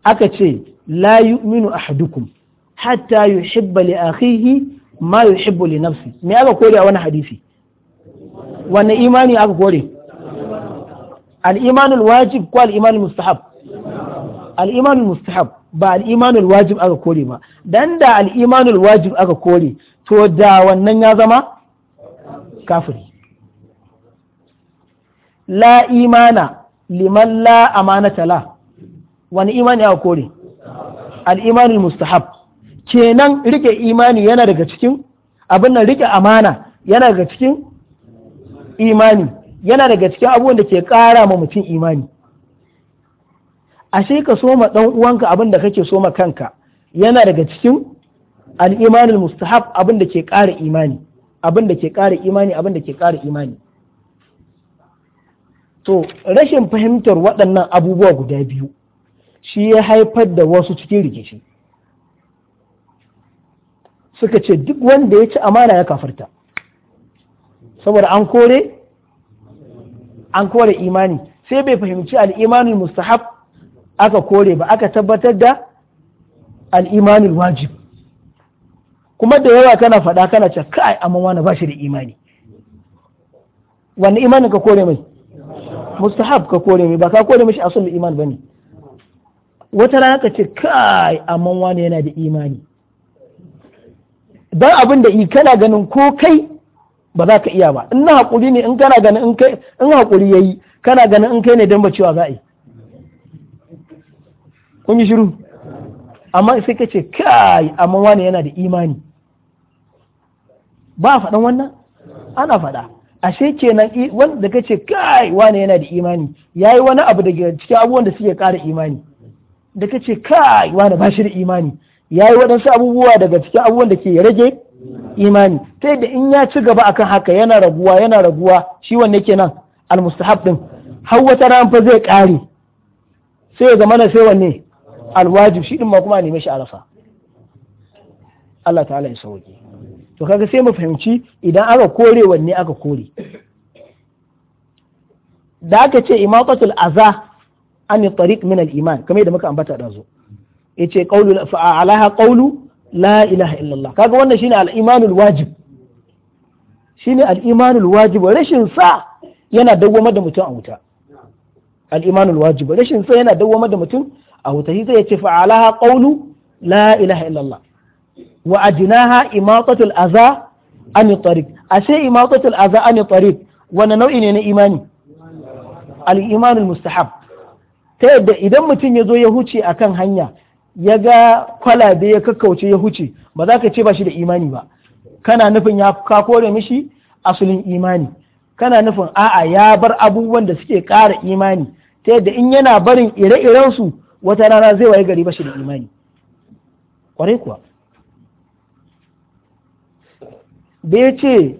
aka ce la yu'minu ahadukum hatta yuhibba li akhihi ma yuhibbu li nafsi me aka kore a wani hadisi Wani imani aka kore al wajib ko al mustahab al mustahab ba al wajib aka kore ba dan da al wajib aka kore to da wannan ya zama kafiri la imana liman la amana tala wani imani a kore al-imani mustahab kenan rike imani yana daga cikin abin nan rike amana yana daga cikin imani yana daga cikin abubuwan da ke kara ma mutum imani ashe ka soma dan uwanka abin da kake soma kanka yana daga cikin al mustahab abin da ke kara imani abin da ke kara imani abin da ke kara imani to rashin fahimtar waɗannan abubuwa guda biyu shi ya haifar da wasu cikin rikici suka ce duk wanda ya ci amana ya kafarta saboda an kore an kore imani sai bai fahimci al'imanin mustahab aka kore ba aka tabbatar da al'imanin wajib kuma da yawa kana faɗa kana ce kai amma wani ba shi da imani wani imanin ka kore mai mustahab ka kore mai ba ka kore mishi asul iman bane wata rana ka ce kai amma wani yana da imani dan abin da yi kana ganin ko kai ba za ka iya ba in haƙuri hakuri ne in kana ganin in kai in hakuri yayi kana ganin in kai ne dan bacewa za a yi kun yi shiru amma sai ka ce kai amma wani yana da imani ba a faɗan wannan ana faɗa ashe kenan wanda kace kai wane yana da imani yayi wani abu daga cikin abubuwan da suke ƙara imani da kace kai wane ba shi da imani yayi waɗansu abubuwa daga cikin abubuwan da ke rage imani ta da in ya ci gaba akan haka yana raguwa yana raguwa shi wanne kenan almustahab din har wata ran fa zai ƙare sai ya zama na sai wanne alwajib shi din ma kuma ne mishi shi arafa Allah ta'ala ya sauke to kaga sai mu fahimci idan aka kore wanne aka kore da aka ce imaqatul aza an tariq min al-iman kamar da muka ambata da zo yace qawlu fa alaha qawlu la ilaha illallah kaga wannan shine al-imanul wajib shine al-imanul wajib rashin sa yana dawwamar da mutum a wuta al-imanul wajib rashin sa yana dawwamar da mutum a wuta shi zai ce fa alaha qawlu la ilaha illallah wa adinaha imatatul aza an tariq ashe imatatul aza an tariq wannan nau'i ne na imani al imanul mustahab ta yadda idan mutum ya zo ya huce akan hanya ya ga kwalabe ya kakkauce ya huce ba za ka ce ba shi da imani ba kana nufin ya ka kore mishi asulin imani kana nufin a'a ya bar abubuwan da suke ƙara imani ta yadda in yana barin ire iren su wata rana zai waye gari ba shi da imani kwarai kuwa da ya ce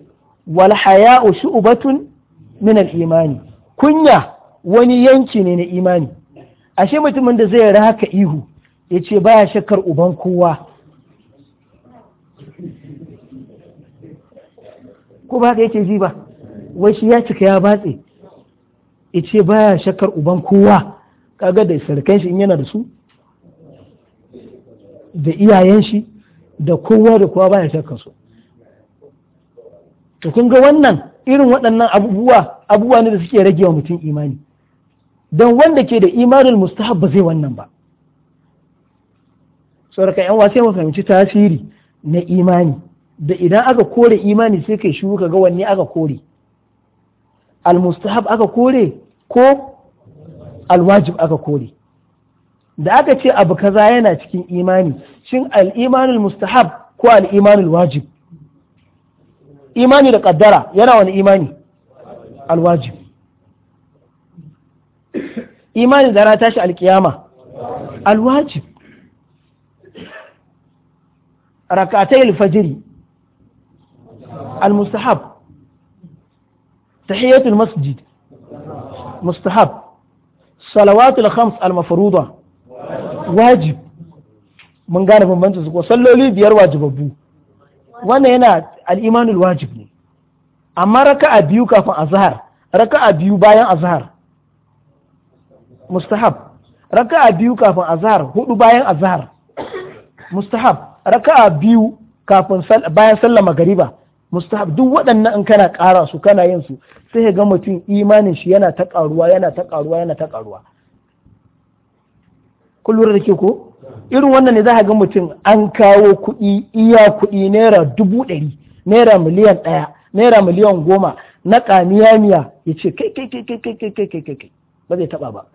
wal haya'u shu'batun min al imani kunya wani yanki ne na imani ashe mutumin da zai haka ihu ya ce baya shakkar uban kowa ko ba ka yake ji ba wai shi ya cika ya batse ya ce baya shakkar uban kowa kaga da sarkan shi in yana da su da iyayen shi da kowa da kowa baya shakkar su to kun ga wannan irin waɗannan abubuwa abubuwa ne da suke rage wa mutum imani don wanda ke da imanin mustahab ba zai wannan ba sauraka yan wasu mu fahimci tasiri na imani da idan aka kore imani sai kai shuka ga wanne aka kore almustahab aka kore ko alwajib aka kore da aka ce abu kaza yana cikin imani shin al imanul mustahab ko al al'imanul wajib imani da kaddara yana wani imani alwajib imani da rana tashi alkiyama alwajib rakatai alfajiri almustahab tahiyatul masjid mustahab salawatul khams almafruḍa wajib mun gane bambancin su ko salloli biyar wajibabbu wannan yana al'imanul wajib ne amma a biyu kafin azhar a biyu bayan azhar mustahab a biyu kafin azhar hudu bayan azhar mustahab a biyu kafin bayan sallah magariba mustahab duk waɗannan in kana ƙara su kana yin su sai ga mutum imanin shi yana ta ƙaruwa yana ta ƙaruwa yana ta ƙaruwa lura da ke ko irin wannan ne za a ga mutum an kawo kuɗi iya kuɗi naira dubu ɗari naira miliyan ɗaya naira miliyan goma na kamiyamiya ya ce kai kai kai kai kai kai kai kai ba zai taɓa ba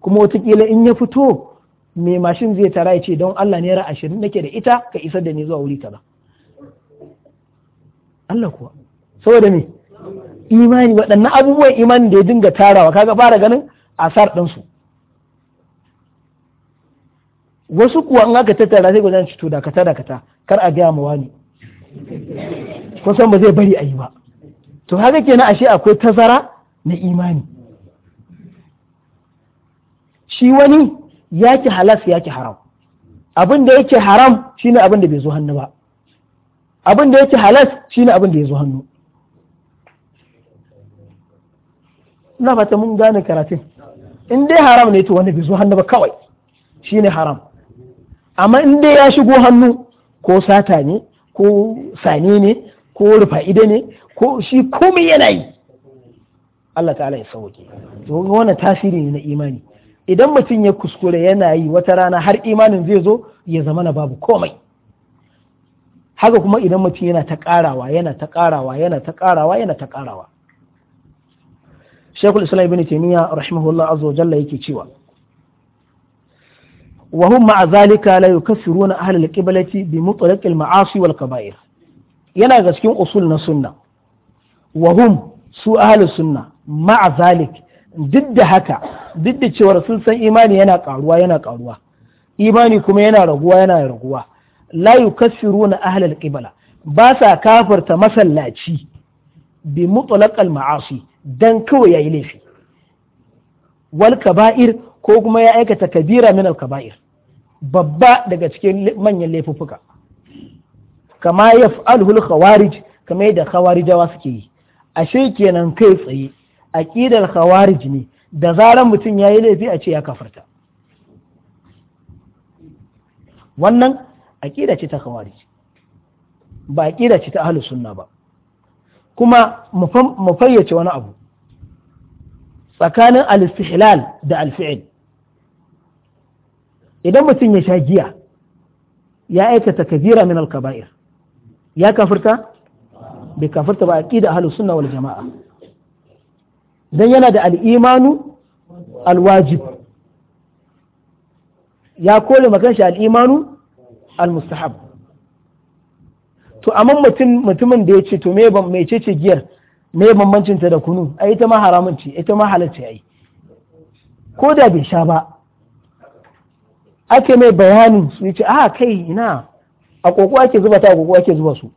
kuma watakila in ya fito mai mashin zai tara ya ce don Allah naira ashirin nake da ita ka isar da ni zuwa wuri kaza Allah kuwa saboda me imani waɗannan abubuwan imani da ya dinga tarawa kaga fara ganin asar ɗinsu wasu kuwa in aka tattara sai gwazan ci to dakata dakata kar a gaya ma wani kusan ba zai bari a yi ba to haka kenan ashe akwai tazara na imani shi wani ya ki halas ya ki haram abin da yake haram shine abin da bai zo hannu ba abin da yake halas shine abin da ya zo hannu na fata mun gane karatun in dai haram ne to wanda bai zo hannu ba kawai shine haram amma in dai ya shigo hannu ko sata ne ko sani ne ko rufa ido ne ko shi komai yana yi Allah ta'ala ya sauke wannan tasiri ne na imani idan mutum ya kuskure yana yi wata rana har imanin zai zo ya zama na babu komai haka kuma idan mutum yana ta karawa yana ta karawa yana ta karawa yana ta karawa shekul islam ibn taymiya rahimahullah azza wa jalla yake cewa وهم مع ذلك لا يكفرون أهل القبلة بمطلق المعاصي والكبائر yana ga cikin usul na sunna wahum su ahli sunna ma'azalik. zalik duk da haka duk da cewar sun san imani yana ƙaruwa yana ƙaruwa imani kuma yana raguwa yana raguwa la yukaffiruna ahli al-qibla ba sa kafarta masallaci bi mutlaq al-ma'asi dan kawai yayi laifi wal kaba'ir ko kuma ya aikata kabira min al-kaba'ir babba daga cikin manyan laifuffuka kama alhul khawarij kama yadda khawarijawa suke yi ashe kenan kai tsaye aqidar khawarij ne da zaran mutum yayi laifi a ce ya kafarta wannan aqida ce ta khawarij ba aqida ce ta ahlus sunna ba kuma mu fayyace wani abu tsakanin al-istihlal da al-fi'l idan mutum ya sha giya ya aikata kabira min al-kaba'ir ya kafirta bai kafirta ba aqida ahli sunna wal jama'a dan yana da al-imanu al-wajib ya kole makan shi al-imanu al-mustahab to amma mutum mutumin da ya ce to me ban ce giyar me bambancin da kunu ai ita ma haramun ce ita ma ko da bai sha ba ake mai bayanin su ce a ah, kai ina a koko ake zuba ta a koko ake zuba su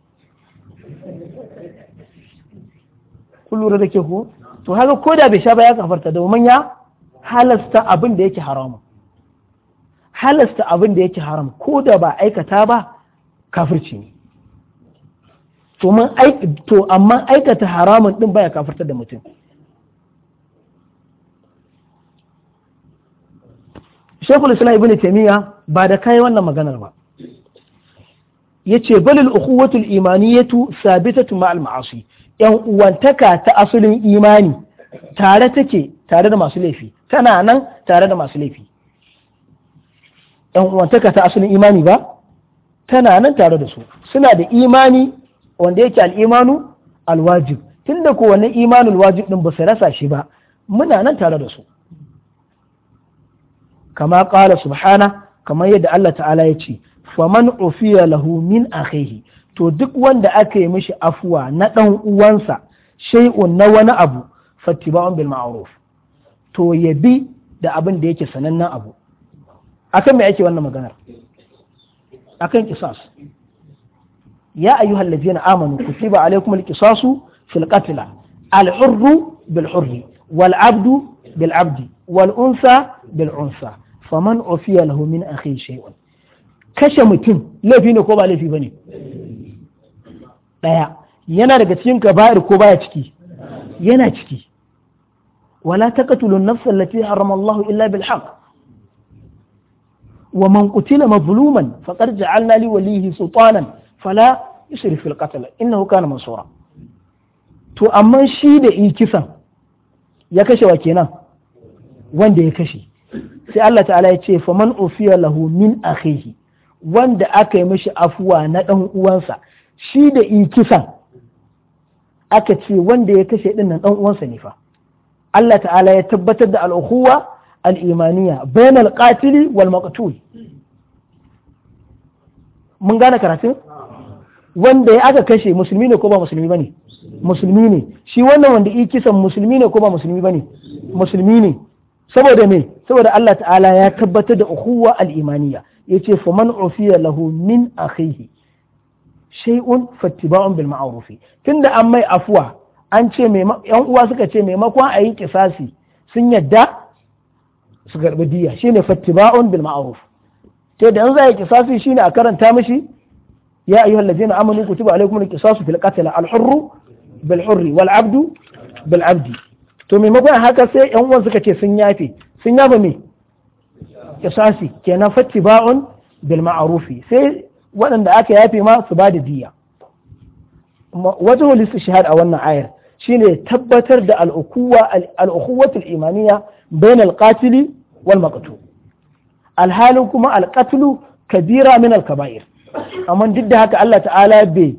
kun lura da ke ko to haka ko da bai sha ba ya kafarta domin ya halasta abin da yake haramu halasta abin da yake haram ko da ba aikata ba kafirci ne to amma aikata haramun din baya kafarta da mutum shekul islam ibn taimiyya ba da kai wannan maganar ba yace balil ukhuwatul imaniyatu sabitatu ma'al ma'asi yan uwantaka ta asalin imani tare take tare da masu laifi tana nan tare da masu laifi yan uwantaka ta asalin imani ba tana nan tare da su suna da imani wanda yake al-imanu al-wajib tunda ko wannan imanul wajib din ba su rasa shi ba muna nan tare da su kama ƙara subhana kamar yadda Allah ta'ala ya ce faman ufiya lahu min akhihi to duk wanda aka yi mishi afuwa na dan uwansa shay'un na wani abu fattiba'un bil ma'ruf to ya bi da abin da yake sanannen abu akan me ake wannan maganar akan kisas ya ayyuhal ladzina amanu kutiba alaykumul qisasu fil qatl al hurru bil hurri wal wal unsa bil'unsa faman ofiya lahu min akhi shay'un kashe mutum laifi ne ko ba laifi bane daya yana daga cikin kaba'ir ko baya ciki yana ciki wala taqtulu an-nafs allati harrama Allah illa bil haqq wa man qutila mazluman faqad ja'alna li walihi sultanan fala yusrif fil qatl innahu kana mansura to amma shi da ikisan. kisan ya kashe wa kenan wanda ya kashe sai Allah ta'ala ya ce faman ufiya lahu min akhihi wanda aka yi mishi afuwa na dan uwansa shi da ikisan aka ce wanda ya kashe din nan dan uwansa ne fa Allah ta'ala ya tabbatar da al'ukuwa al'imaniya bayan qatili wal maqtul mun gane karatu? wanda ya aka kashe musulmi ne ko ba musulmi bane musulmi ne shi wannan wanda yi kisan musulmi ne ko ba musulmi bane musulmi ne saboda me saboda Allah ta'ala ya tabbatar da ukhuwa al-imaniya yace faman ufiya lahu min akhihi shay'un fattiba'un bil ma'ruf tunda an mai afuwa an ce mai yan uwa suka ce maimakon ayi yi kisasi sun yadda su garbi diya shine fattiba'un bil ma'ruf to da an za kisasi shine a karanta mishi ya ayyuhal ladzina amanu kutiba alaykumul qisasu fil qatl al hurru bil hurri wal abdu bil abdi to maimakon haka sai yan uwan suka ce sun yafe sun yafe me isasi kenan fattiba'un bil ma'rufi sai waɗanda aka yafe ma su ba da diya wajen listu shahad a wannan ayar shine tabbatar da al'ukuwatul imaniya bain alqatili wal maqtul alhali kuma alqatlu kabira min alkaba'ir amma duk da haka Allah ta'ala bai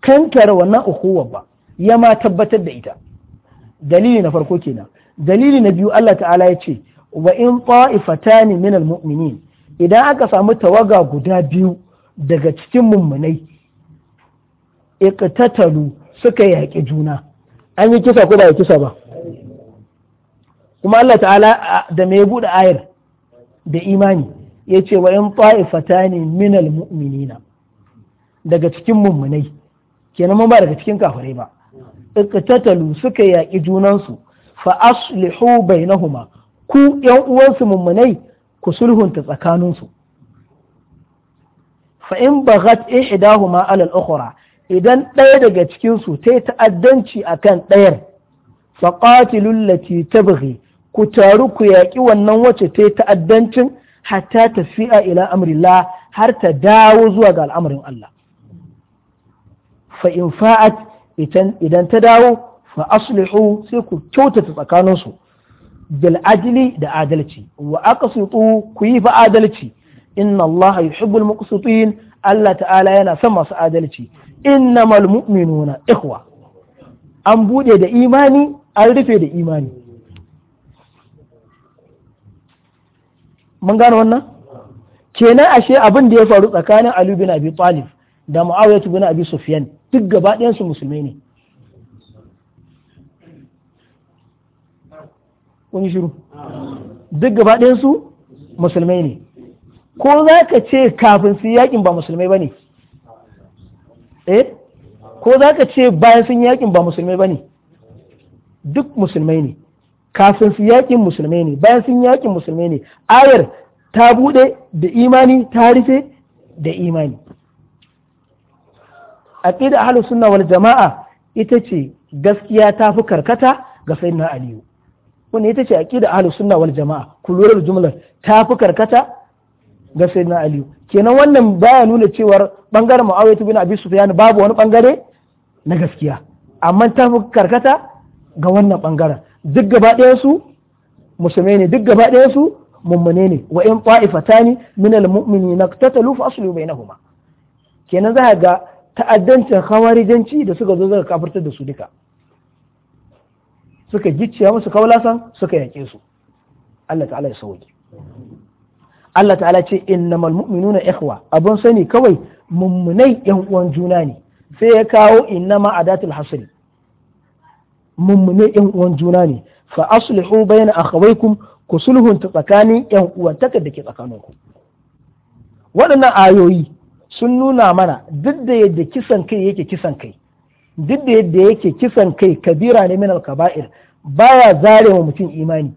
kankare wannan ukuwa ba ya ma tabbatar da ita dalili na farko kenan dalili na biyu Allah ta'ala ya ce wa in ta'ifatani min almu'minin idan aka samu tawaga guda biyu daga cikin mummunai iqtatalu suka yaƙi juna an yi kisa ko ba kisa ba kuma Allah ta'ala da mai buɗe ayar da imani ya ce wa in ta'ifatani min almu'minina daga cikin mummunai kenan mun ba daga cikin kafirai ba iqtatalu suka yaƙi junansu fa aslihu bainahuma ku yan uwansu mummunai ku sulhunta tsakaninsu fa in baghat ihdahuma ala al-ukhra idan ɗaya daga cikin su ta ta'addanci akan ɗayar fa qatilul lati tabghi ku taru ku yaƙi wannan wacce ta ta'addancin hatta tafi'a ila amrillah har ta dawo zuwa ga al'amarin Allah fa in fa'at idan ta dawo fa aslihu sai ku kyautata tsakaninsu bil ajli da adalci wa aqsitu ku yi fa adalci inna allaha yuhibbul muqsitin Allah ta'ala yana son masu adalci innamal mu'minuna ikhwa an bude da imani an rufe da imani mun gane wannan kenan ashe abin da ya faru tsakanin Ali bin Abi Talib da muawiya bin abi sufyan duk gaba ɗayan su musulmai ne kun yi shiru duk gaba ɗayan su musulmai ne ko za ka ce kafin su yakin ba musulmai ba ne eh ko za ka ce bayan sun yakin ba musulmai ba ne duk musulmai ne kafin su yakin musulmai ne bayan sun yakin musulmai ne ayar ta bude da imani ta rufe da imani aqida ahlus sunna wal jama'a ita ce gaskiya ta fi karkata ga sayyidina aliyu wannan ita ce aqida ahlus sunna wal jama'a ku lura da jumlar ta fi karkata ga sayyidina aliyu kenan wannan baya nuna cewar bangaren muawiya bin abi sufyan babu wani bangare na gaskiya amma ta fi karkata ga wannan bangaren duk gaba ɗaya su musulmai ne duk gaba ɗaya su mummune ne wa in ta'ifatani min al-mu'minina qatatalu fa aslu bainahuma kenan za ga ta'addancin hawarijanci da suka zo zaka kafirtar da su duka suka gicciya musu kaulasan suka yake su Allah ta'ala ya sauki Allah ta'ala ce innamal mu'minuna ikhwa abin sani kawai mummunai yan uwan juna ne sai ya kawo innama adatul hasri mummunai yan uwan juna ne fa aslihu bayna akhawaykum ku sulhunta tsakanin yan uwantaka da ke tsakaninku waɗannan ayoyi sun nuna mana duk da yadda kisan kai yake kisan kai duk da yadda yake kisan kai kabira ne min al baya zare wa mutum imani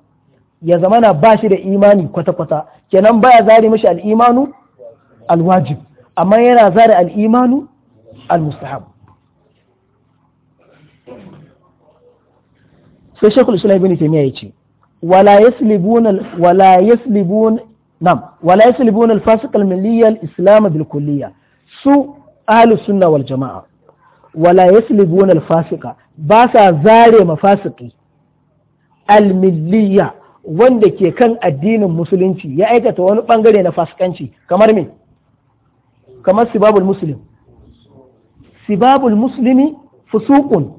ya zamana ba shi da imani kwata-kwata kenan baya zare mishi al'imanu alwajib amma yana zare al'imanu almustahab sai shekul islam ibn taymiya ya ce wala yaslibun nam wala yaslibuna al-fasiq al-milli al-islam bil kulliyya su ahli sunna wal jama'a wala yaslibuna al-fasiqa ba sa zare mafasiki al wanda ke kan addinin musulunci ya aikata wani bangare na fasikanci kamar me kamar sibabul muslim sibabul muslimi fusuqun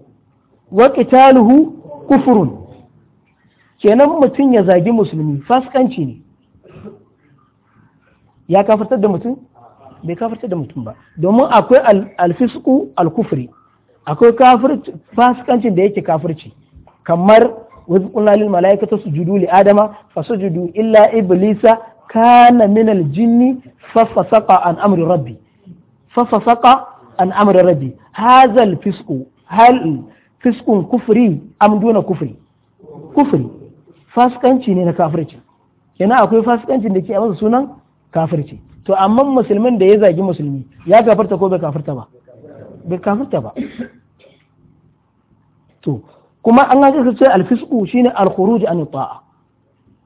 wa qitaluhu kufrun kenan mutum ya zagi musulmi fasikanci ne ya kafartar da mutum bai kafartar da mutum ba domin akwai alfisku alkufri akwai kafirci fasikancin da yake kafirci kamar wasu kuna lil mala'ikata sujudu li adama fasujudu illa iblisa kana min aljinni fafasaqa an amri rabbi fafasaqa an amri rabbi hadha fisku. hal fiskun kufri am duna kufri kufri fasikanci ne na kafirci yana akwai fasikancin da ke a masa sunan kafirci to amma musulmin da ya zagi musulmi ya kafarta ko bai kafirta ba bai kafirta ba to kuma an ga ce alfisku shine alkhuruj an ta'a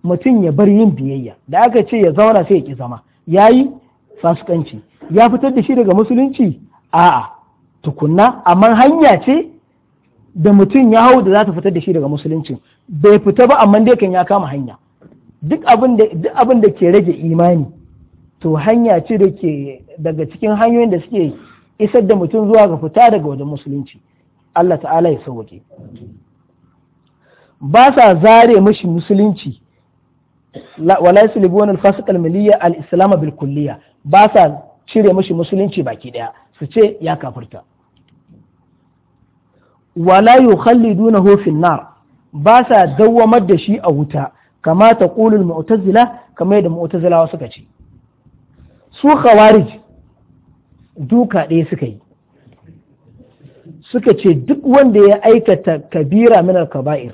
mutum ya bar yin biyayya da aka ce ya zauna sai ya ki zama yayi fasikanci ya fitar da shi daga musulunci a'a tukunna amma hanya ce da mutum ya hau da za ta fitar da shi daga musulunci bai fita ba amma dai kan ya kama hanya duk abin da ke rage imani to hanya ce da ke daga cikin hanyoyin da suke isar da mutum zuwa ga fita daga wajen musulunci Allah ta'ala ya sauke ba sa zare mashi musulunci wala yuslibuna al-fasiq al-maliyya al bil ba sa cire mashi musulunci baki daya su ce ya kafirta wala duna hofin nar ba sa dawwamar da shi a wuta kama ta Mautazila mu'tazila kamar da wasu suka ce su khawarij duka ɗaya suka yi suka ce duk wanda ya aikata kabira minar kaba'ir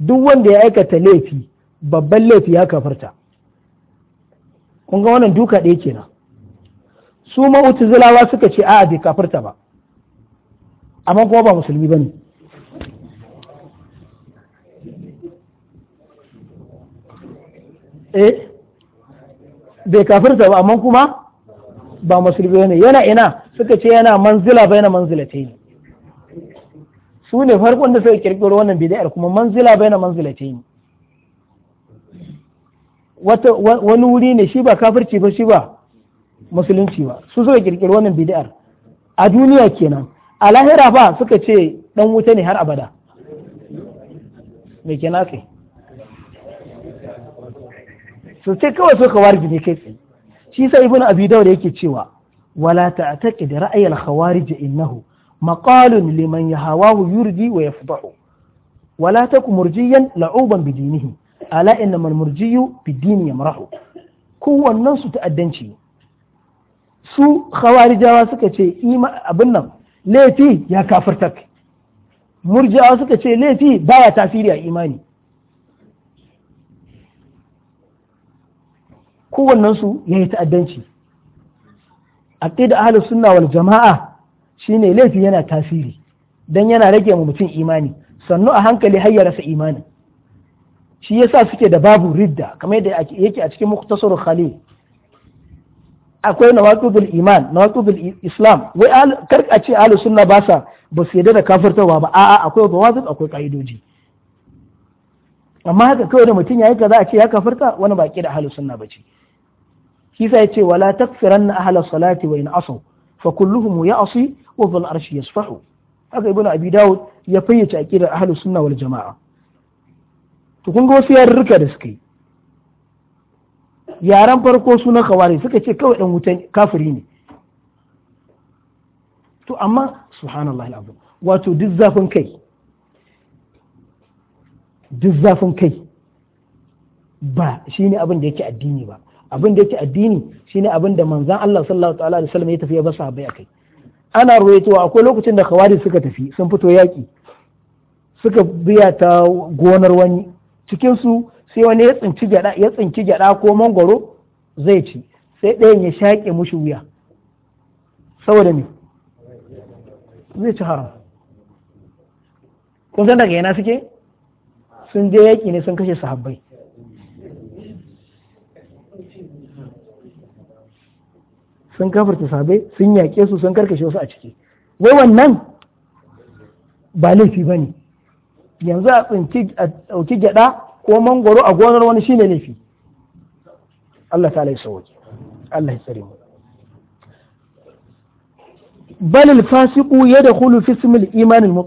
duk wanda ya aikata laifi babban laifi ya kafarta kun ga wannan duka ɗaya kenan su ma'utuzilawa suka ce a'a bai kafarta ba amma kuma ba musulmi ba ne eh bai kafirta ba amma kuma ba musulmi ne yana ina suka ce yana manzila bai na manzila ta yi su ne farkon da suka kirkiro wannan bid'ar kuma manzila bai na manzila ta yi wani wuri ne shi ba kafirci ba shi ba musulunci ba su suka kirkiro wannan bid'ar a duniya kenan a lahira ba suka ce dan wuta ne har abada me kenan sai so sai kawai so ka wargi kai tsaye shi sa ibnu abi dawud yake cewa wala ta'taqid ra'ay al-khawarij innahu maqalun liman yahawahu yurdi wa yafdahu wala taku murjiyan la'uban bidinihi ala inna man murjiyu bidini yamrahu kowannen su ta'addanci su khawarijawa suka ce abin nan laifi ya kafirtak murjiawa suka ce laifi baya tasiri a imani Kowannensu ya yi ta'addanci aqida ahalar sunna wal jama'a shine laifi yana tasiri don yana rage mu mutum imani sannu a hankali har ya rasa imani shi yasa suke da babu ridda kamar yadda yake a cikin muktasar khali akwai nawaqidul iman nawaqidul islam wai kar a ce ahlus sunna ba sa ba su yarda da kafirtawa ba a'a akwai bawazin akwai ka'idoji amma haka kawai da mutum yayi kaza a ce ya kafirta wani baki da suna sunna bace shi sai yace wala takfiranna ahla salati wa in asaw fa kulluhum ya'si wa dhul arshi yasfahu haka ibnu abi daud ya fayyace aqidar ahlus sunna wal jamaa to kun ga wasu yarurruka da suka yi yaran farko sunan khawari suka ce kawai dan wutan kafiri ne to amma subhanallahi alazim wato duk zafin kai duk zafin kai ba shine abin da yake addini ba abin da yake addini shine abin da manzon Allah sallallahu alaihi wasallam ya tafi ya basa bai akai ana ruwaitowa akwai lokacin da kawari suka tafi sun fito yaki suka biya ta gonar wani cikin su sai wani ya tsinci gyada ya tsinci gyada ko mangoro zai ci sai ɗayan ya shaƙe mushi wuya saboda me zai ci haram kun san daga yana suke sun je yaki ne sun kashe sahabbai sun kafarta sabe sun yaƙe su sun karkashe wasu a ciki wai wannan ba laifi ba ne yanzu a ɗauki gyaɗa ko mangwaro a gonar wani shine laifi Allah ta laisa waje Allah ya tsare mu bal al fasiqu yadkhulu fi ismi imanin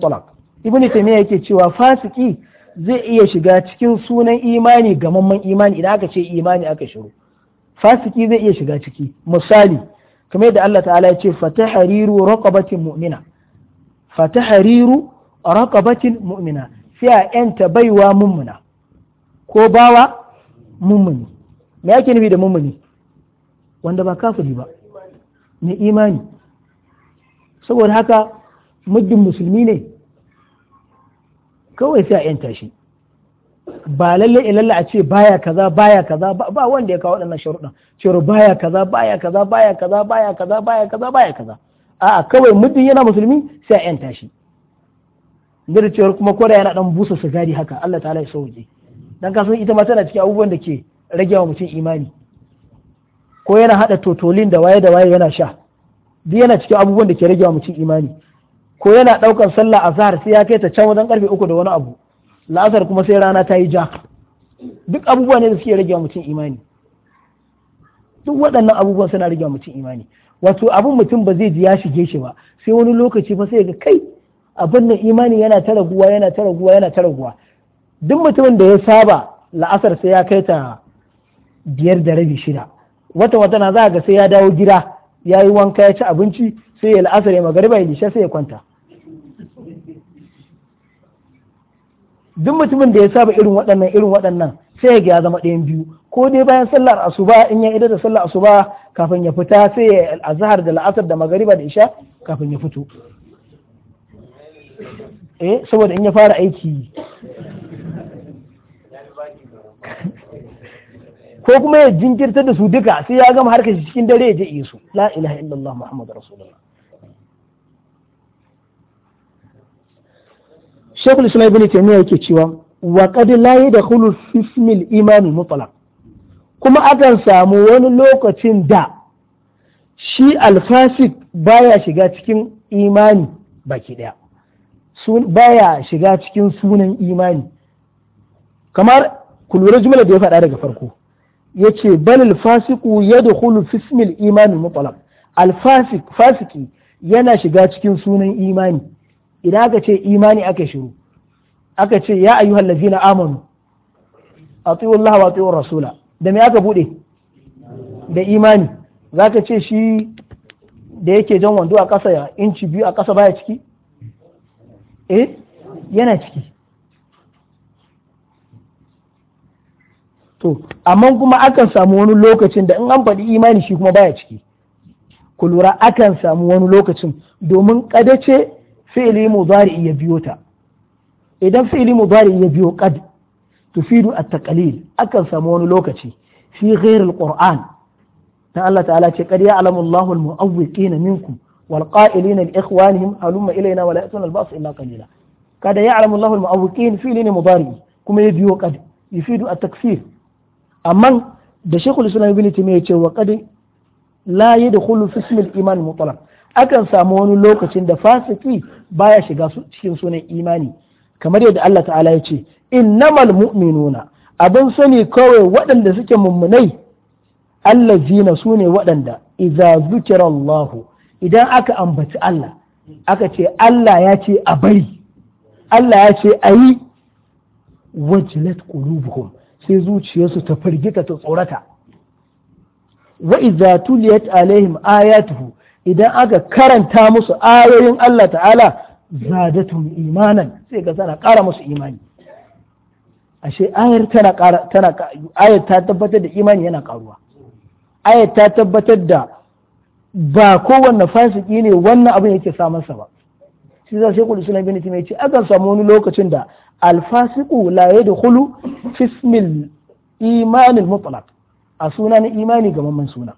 iman yake cewa fasiki zai iya shiga cikin sunan imani ga mamman imani idan aka ce imani aka shiru fasiki zai iya shiga ciki misali kamar yadda Allah ta'ala ya ce fatahriru raqabatin mu'mina fatahariru raqabatin mu'mina sai a yanta baiwa mummuna ko bawa mummuni me yake nufi da mummuni wanda ba kafiri ba ne imani saboda haka muddin musulmi ne kawai sai a yanta shi ba lalle ilalla a ce baya kaza baya kaza ba wanda ya kawo waɗannan sharuɗan cewar baya kaza baya kaza baya kaza baya kaza baya kaza baya kaza a'a kawai muddin yana musulmi sai a yanta shi da cewar kuma koda yana dan busa sigari haka Allah ta'ala ya sauke dan kasan ita ma tana cikin abubuwan da ke rage wa mutum imani ko yana hada totolin da waye da waye yana sha duk yana cikin abubuwan da ke rage wa mutum imani ko yana daukan sallah azhar sai ya kai ta can wajen karfe uku da wani abu la'asar kuma sai rana ta yi ja duk abubuwa ne da suke rage mutum imani duk waɗannan abubuwan suna rage mutum imani wato abin mutum ba zai ji ya shige shi ba sai wani lokaci fa sai ga kai abin nan imani yana ta raguwa yana ta raguwa yana ta raguwa duk mutumin da ya saba la'asar sai ya kai ta biyar da rabi shida wata wata na za ga sai ya dawo gida ya yi wanka ya ci abinci sai ya la'asar ya magariba ya nisha sai ya kwanta duk mutumin da ya saba irin waɗannan irin waɗannan sai ya zama ɗayan biyu ko dai bayan sallar asuba in ya idar da sallar asuba kafin ya fita sai ya azhar da la'asar da magariba da isha kafin ya fito eh saboda in ya fara aiki ko kuma ya jinkirtar da su duka sai ya gama harkar cikin dare ya je iya su la ilaha illallah muhammadu rasulullah shekul islam ibn taymiya yake cewa wa qad la yadkhulu fi ismil iman mutlaq kuma akan samu wani lokacin da shi alfasik baya shiga cikin imani baki daya baya shiga cikin sunan imani kamar kulura jumla da ya faɗa daga farko yace bal alfasiqu yadkhulu fi ismil iman mutlaq alfasik fasiki yana shiga cikin sunan imani idan aka ce imani aka shiru aka ce ya ayyuhal ladzina amanu atiyu Allah wa atiyu rasula da me aka bude da imani za ka ce shi da yake jan wando a ƙasa ya inci biyu a ƙasa baya ciki eh yana ciki to amma kuma akan samu wani lokacin da in an faɗi imani shi kuma baya ciki ku lura akan samu wani lokacin domin ƙadace fi'ili mudari ya biyo ta idan fi'ili mudari ya biyo qad tufidu at-taqlil akan samu wani lokaci fi ghairi al-qur'an dan Allah ta'ala ce qad ya'lamu Allahu al-mu'awwiqina minkum wal qa'ilina li ikhwanihim halumma ilayna wa la ya'tuna al-ba'sa illa qalila kada ya'lamu Allahu al-mu'awwiqin fi'li ne mudari kuma ya biyo qad yufidu at-takfir amma da Sheikhul Islam Ibn Taymiyyah ce wa qad la yadkhulu fi ism al-iman mutlaq akan samu wani lokacin da fasiki baya shiga cikin sunan imani kamar yadda Allah ta'ala ya ce innamal mu'minuna abin sani kawai waɗanda suke mummunai allazina su ne waɗanda idza zukira Allahu idan aka ambaci Allah aka ce Allah ya ce a bari Allah ya ce ayi yi wajilat qulubuhum sai zuciyarsu ta firgita ta tsorata wa idza tuliyat alaihim ayatuhu idan aka karanta musu ayoyin Allah ta'ala zadatum imanan sai ga tana ƙara musu imani ashe ayar tana tana ayar ta tabbatar da imani yana karuwa. ayar ta tabbatar da ba kowanne fasiki ne wannan abin yake samarsa ba shi za sai kullu sunan binti mai ce aka samu wani lokacin da alfasiku la yadkhulu da fismil imanin mutlaq a suna na imani ga mamman suna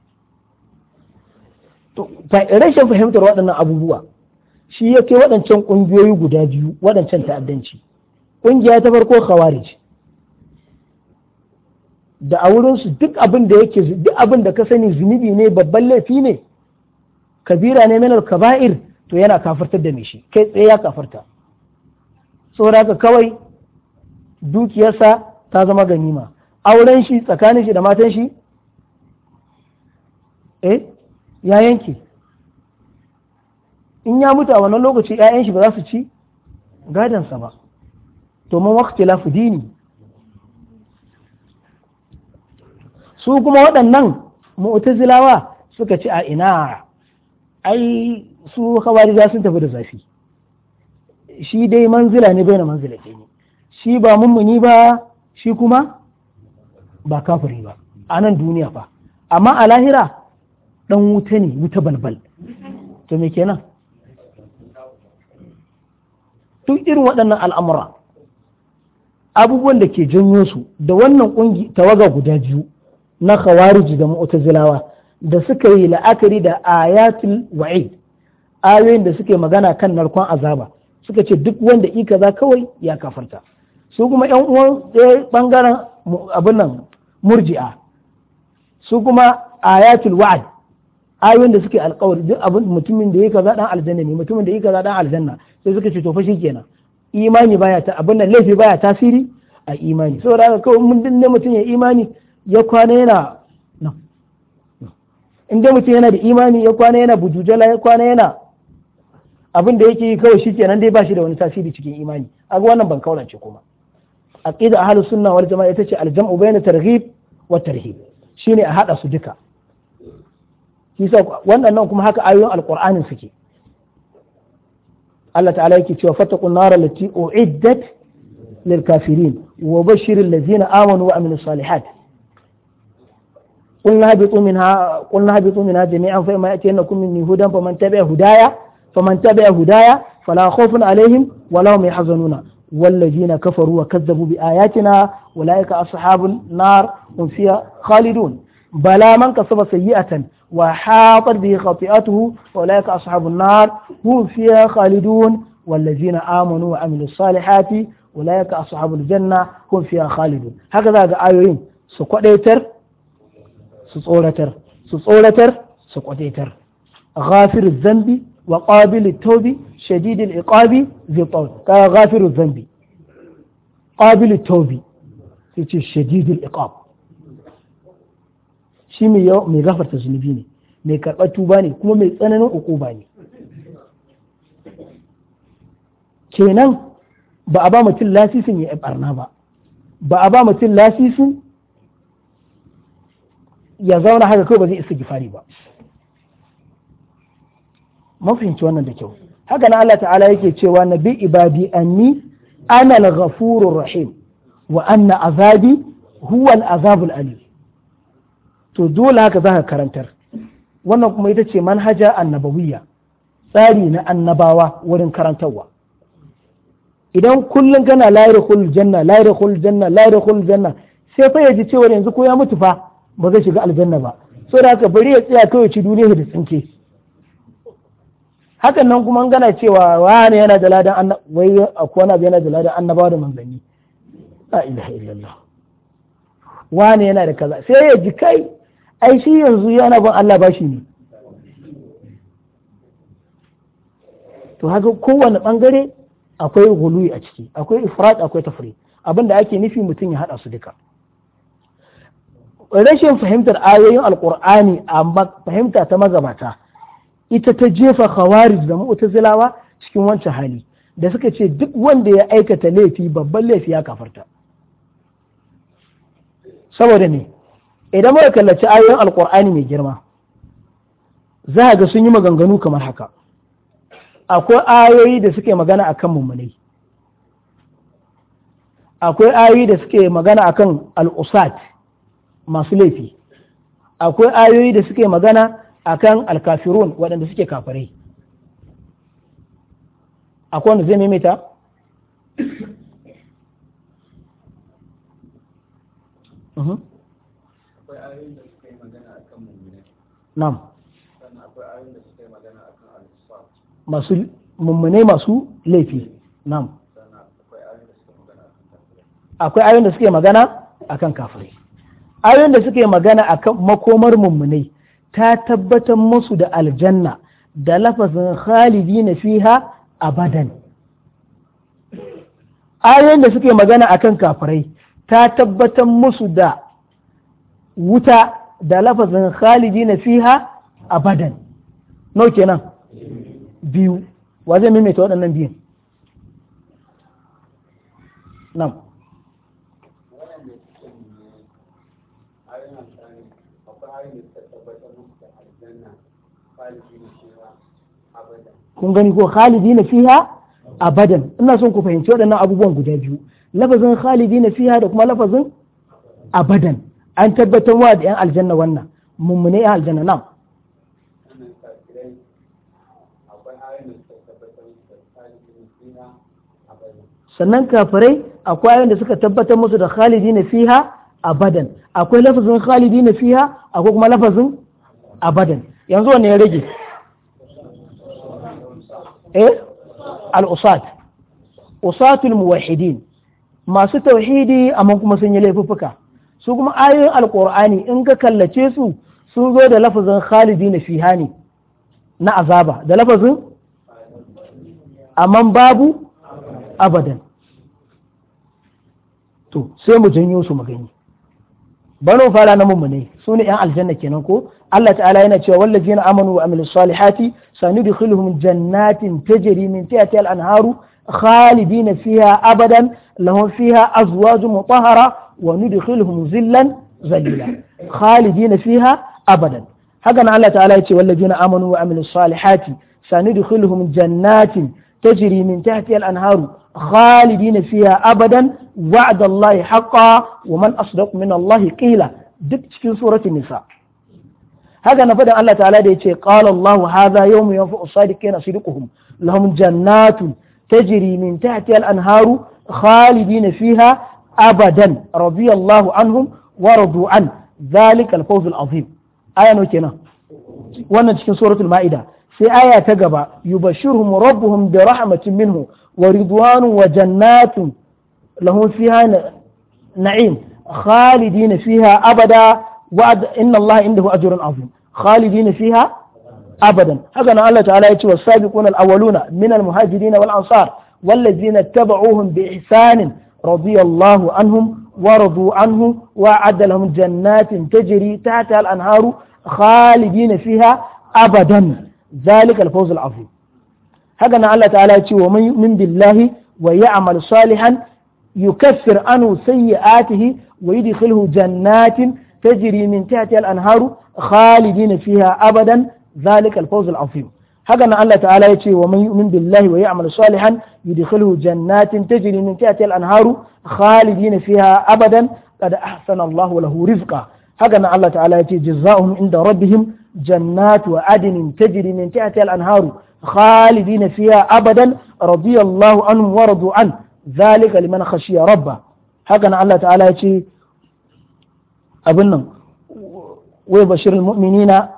rashin fahimtar waɗannan abubuwa shi ya kai waɗancan ƙungiyoyi guda biyu waɗancan ta'addanci ƙungiya ta farko khawarij da a wurinsu duk abin da yake duk abin da ka sani zunubi ne babban laifi ne kabira ne minar kaba'ir to yana kafartar da mai shi kai tsaye ya kafarta saboda haka kawai dukiyarsa ta zama ganima auren shi tsakanin shi da matan shi eh ya yanke in ya mutu a wannan lokaci 'ya'yan shi ba za su ci gadansa ba domin wakti lafi dini su kuma waɗannan mu'tazilawa suka ci a ina ai su za sun tafi da zafi shi dai manzila ne bai na manzila ke ne shi ba mummuni ba shi kuma ba kafiri ba a nan duniya fa amma a lahira Ɗan wuta ne wuta balbal to me kenan duk irin waɗannan al'amura abubuwan da ke janyo su da wannan ƙungi tawaga guda biyu na khawariji da mu'tazilawa da suka yi la'akari da ayatul wa'id ayoyin da suke magana kan narkon azaba suka ce duk wanda i kaza kawai ya kafarta su kuma yan uwan bangaren abin nan murji'a su kuma ayatul wa'ad ayoyin da suke alkawari duk abin mutumin da ya kaza dan aljanna ne mutumin da ya kaza dan aljanna sai suka ce to fa kenan imani baya ta abin nan laifi baya tasiri a imani so da kawai mun ne mutum ya imani ya kwana yana nan in dai mutum yana da imani ya kwana yana bujujala ya kwana yana abin da yake yi kawai shikenan dai ba shi da wani tasiri cikin imani a ga wannan ban kaurace kuma aqida ahlus sunna wal jamaa ita ce aljamu bayna targhib wa tarhib shine a hada su duka shi sa waɗannan kuma haka ayoyin alqur'ani suke Allah ta'ala yake cewa fattaqun nar allati u'iddat lil kafirin wa bashiril ladzina amanu wa amilus salihat قلنا هبطوا منها قلنا هبطوا منها جميعا فإما يأتينكم مني هدى فمن تبع هدايا فمن تبع هدايا فلا خوف عليهم ولا هم يحزنون والذين كفروا وكذبوا بآياتنا أولئك أصحاب النار هم فيها خالدون بلا من كسب سيئة وحاطت به خطيئته أولئك أصحاب النار هم فيها خالدون والذين آمنوا وعملوا الصالحات أولئك أصحاب الجنة هم فيها خالدون هكذا آيوين سقوتيتر سقوتيتر سقوتيتر سقوتيتر غافر الذنب وقابل التوب شديد العقاب ذي الطول غافر الذنب قابل التوب شديد العقاب shi mai yawa mai gafarta zunubi ne mai karɓar tuba ne kuma mai tsananin ba ne kenan ba a ba mutum lasisin ya barna ba ba a ba mutum lasisin ya zauna haka kawai ba zai isa gifari ba mafahimci wannan da kyau haka na Allah ta'ala yake cewa na bi ibadi anni ana al rahim wa anna azabi huwa al-azabul alim to dole haka za ka karantar wannan kuma ita ce manhaja annabawiyya tsari na annabawa wurin karantarwa idan kullum gana layar hul janna layar hul janna layar hul janna sai fa yaji cewa yanzu ko ya mutu fa ba zai shiga aljanna ba so da haka bari ya tsaya kawai ci duniya da tsinke hakan nan kuma gana cewa wani yana da ladan wai akwai wani yana da ladan annabawa da manzanni la ilaha illallah wani yana da kaza sai ya ji kai ai shi yanzu yana bin Allah bashi ne to haka kowane bangare akwai gului a ciki akwai ifrat akwai tafri abinda ake nufi mutum ya haɗa su duka rashin fahimtar ayoyin alkur'ani a fahimta ta magabata ita ta jefa khawarij da mu'tazilawa cikin wancan hali da suka ce duk wanda ya aikata laifi babban laifi ya kafarta saboda ne idan muka kallaci ayoyin alkur'ani mai girma za ga sun yi maganganu kamar haka akwai ayoyi da suke magana akan mummunai akwai ayoyi da suke magana akan al'usat masu laifi akwai ayoyi da suke magana akan alkafirun waɗanda suke kafirai akwai wanda zai maimaita mm nam masu mummune masu laifi nam akwai ayoyin da suke magana akan kafirai ayoyin da suke magana akan makomar mummunai ta tabbatar musu da aljanna da lafazin khalidi na fiha abadan ayoyin da suke magana akan kafirai ta tabbatar musu da wuta da lafazin khaliji na fiha badan. nau kenan biyu wa zai maimaita waɗannan biyun nan kun gani ko khalidi na fiha abadan ina son ku fahimci waɗannan abubuwan guda biyu lafazin khalidi na fiha da kuma lafazin abadan an tabbatar wa da 'yan aljanna wannan mummune 'yan aljanna nan sannan kafirai akwai ayoyin da suka tabbatar musu da khalidina fiha abadan akwai lafazin khalidina fiha akwai kuma lafazin abadan yanzu wanne ya rage eh al-usat usatul muwahhidin masu tauhidi amma kuma sun yi laifuffuka su kuma ayoyin alkur'ani in ka kallace su sun zo da lafazin khalidi na fihani na azaba da lafazin amman babu abadan to sai mu janyo su mu gani banu fara na mummune su ne yan aljanna kenan ko Allah ta'ala yana cewa wallazina amanu wa amilus salihati sanudkhiluhum jannatin tajri min tahtiha al-anharu khalidina fiha abadan lahum fiha azwajun mutahhara wa nudkhiluhum zillan zalila khalidina fiha abadan haka nan Allah ta'ala yace wallazina amanu wa amilus salihati sanudkhiluhum jannatin tajri min tahtiha al-anharu khalidina fiha abadan wa'da Allah haqqan wa man asdaq min Allah qila duk cikin suratul nisa haka na faɗin Allah ta'ala da ya ce qala Allah hadha yawmu yanfa'u sadiqina sidquhum lahum jannatun tajri min tahtiha al-anharu khalidina fiha abadan radiyallahu anhum wa radu an zalika al-fawz al-azim aya no kenan wannan cikin suratul ma'ida sai aya ta gaba yubashiruhum rabbuhum bi rahmatin minhu wa ridwanun wa jannatin lahum fiha na'im khalidina fiha abada wa'ad inna Allah indahu ajrun azim khalidina fiha abadan haka nan Allah ta'ala ya ce wa sabiquna al-awwaluna min al-muhajirin wal ansar والذين اتبعوهم بإحسان رضي الله عنهم ورضوا عنه وأعد لهم جنات تجري تحتها الأنهار خالدين فيها أبدا ذلك الفوز العظيم هكذا الله تعالى ومن يؤمن بالله ويعمل صالحا يكفر عنه سيئاته ويدخله جنات تجري من تحتها الأنهار خالدين فيها أبدا ذلك الفوز العظيم haka nan Allah ta'ala ya ce wa man yu'min billahi wa ya'mal salihan yudkhiluhu jannatin tajri min tahtiha al-anharu khalidina fiha abadan qad ahsana Allahu lahu rizqa haka nan Allah ta'ala ya ce jazaohum inda rabbihim jannatu wa adnin tajri min tahtiha al-anharu khalidina fiha abadan radiyallahu anhum wa radu an zalika liman khashiya rabba haka nan Allah ta'ala ya ce abin nan wai bashirul mu'minina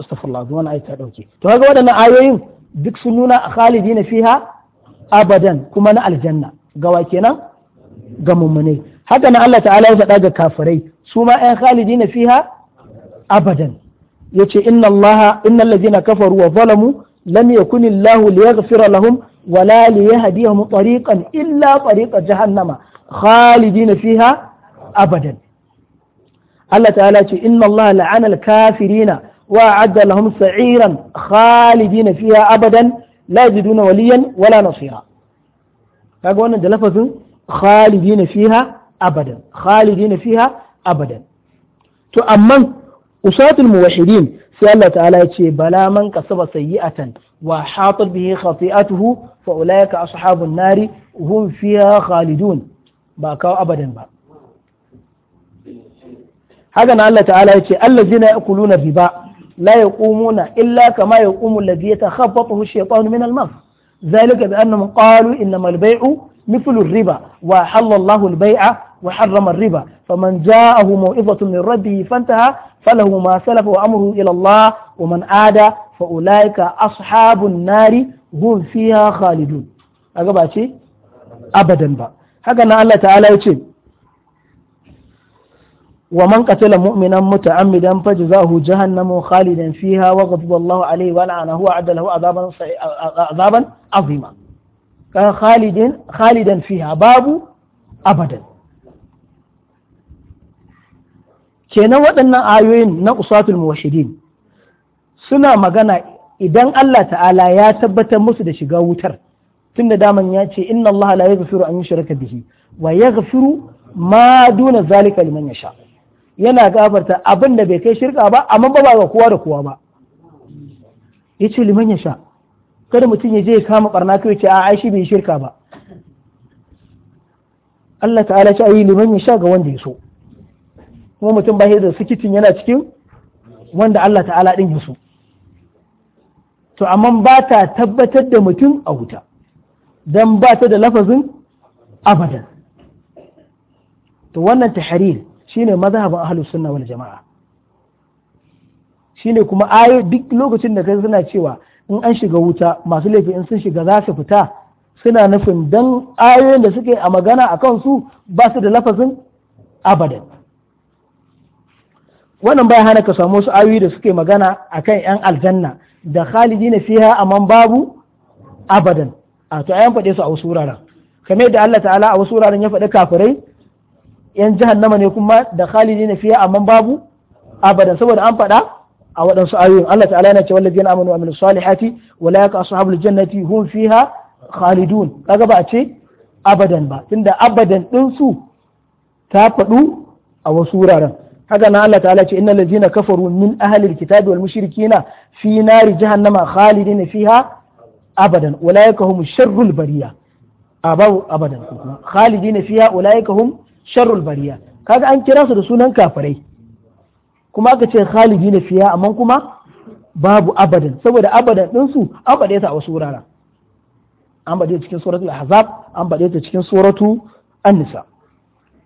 astaghfirullah zuwan ayi ta dauke to kaga waɗannan ayoyin duk sun nuna na fiha abadan kuma na aljanna gawa kenan ga mummunai haka na Allah ta'ala ya faɗa ga kafirai su ma ayan na fiha abadan yace inna allaha innal ladina kafaru wa zalamu lam yakun illahu liyaghfira lahum ولا ليهديهم طريقا إلا طريق جهنم خالدين فيها أبدا ce تعالى إن الله la'anar kafirina. وأعد لهم سعيرا خالدين فيها أبدا لا يجدون وليا ولا نصيرا فقلنا ده لفظ خالدين فيها أبدا خالدين فيها أبدا تؤمن أساة الموحدين سأل الله تعالى بلا من كسب سيئة وحاط به خطيئته فأولئك أصحاب النار هم فيها خالدون باكاو أبدا با هذا الله تعالى الذين يأكلون الربا لا يقومون إلا كما يقوم الذي يتخبطه الشيطان من المرض ذلك بأنهم قالوا إنما البيع مثل الربا وحل الله البيع وحرم الربا فمن جاءه موعظة من ربه فانتهى فله ما سلف وأمره إلى الله ومن عاد فأولئك أصحاب النار هم فيها خالدون هذا شيء أبدا بقى هكذا الله تعالى يقول wa man qatala mu'minan muta'ammidan fajzahu jahannamu khalidan fiha wa ghadiba Allahu alayhi wa la'anahu wa adda lahu azaban azaban azima ka khalidan khalidan babu abadan kenan waɗannan ayoyin na usatul muwahhidin suna magana idan Allah ta'ala ya tabbatar musu da shiga wutar tunda daman ya ce inna Allah Ya yaghfiru an yushraka bihi wa yaghfiru ma duna zalika liman yasha' yana gafarta abin da bai kai shirka ba amma ba ba kowa da kowa ba Ya ce liman ya sha kada mutum ya je ya kama barna kai ce a aishi bai shirka ba Allah ta'ala ce ayi liman ya sha ga wanda ya so kuma mutum ba da sikitin yana cikin wanda Allah ta'ala din ya so to amma ba ta tabbatar da mutum a wuta dan ba ta da lafazin abadan to wannan tahrir shine mazhabin ahlus sunna wal jama'a shine kuma ayo duk lokacin da kai suna cewa in an shiga wuta masu laifi in sun shiga za su fita suna nufin dan ayoyin da suke a magana a kansu ba su da lafazin abadan wannan baya hana ka samu wasu ayoyi da suke magana a kan yan aljanna da khalidina fiha man babu abadan a to ayan faɗe su a wasu wuraren kamar yadda Allah ta'ala a wasu wuraren ya faɗi kafirai yan jahannama ne kuma da khalidi na fiye amma babu abada saboda an faɗa a waɗansu ayoyin Allah ta'ala yana cewa allazina amanu wa amilus salihati wa la yaqa ashabul jannati hum fiha khalidun kaga ba a ce abadan ba tunda abadan din su ta faɗu a wasu wuraren haka na Allah ta'ala ce innal ladzina kafaru min ahlil kitabi wal mushrikina fi nari jahannama khalidina fiha abadan ulaika hum sharrul bariya abaw abadan khalidina fiha ulaika hum sharrul bariya kaga an kira su da sunan kafirai kuma aka ce khalidi na fiya amma kuma babu abadan saboda abadan ɗinsu an baɗe ta a wasu wuraren an baɗe cikin suratul ahzab an baɗe ta cikin suratu an-nisa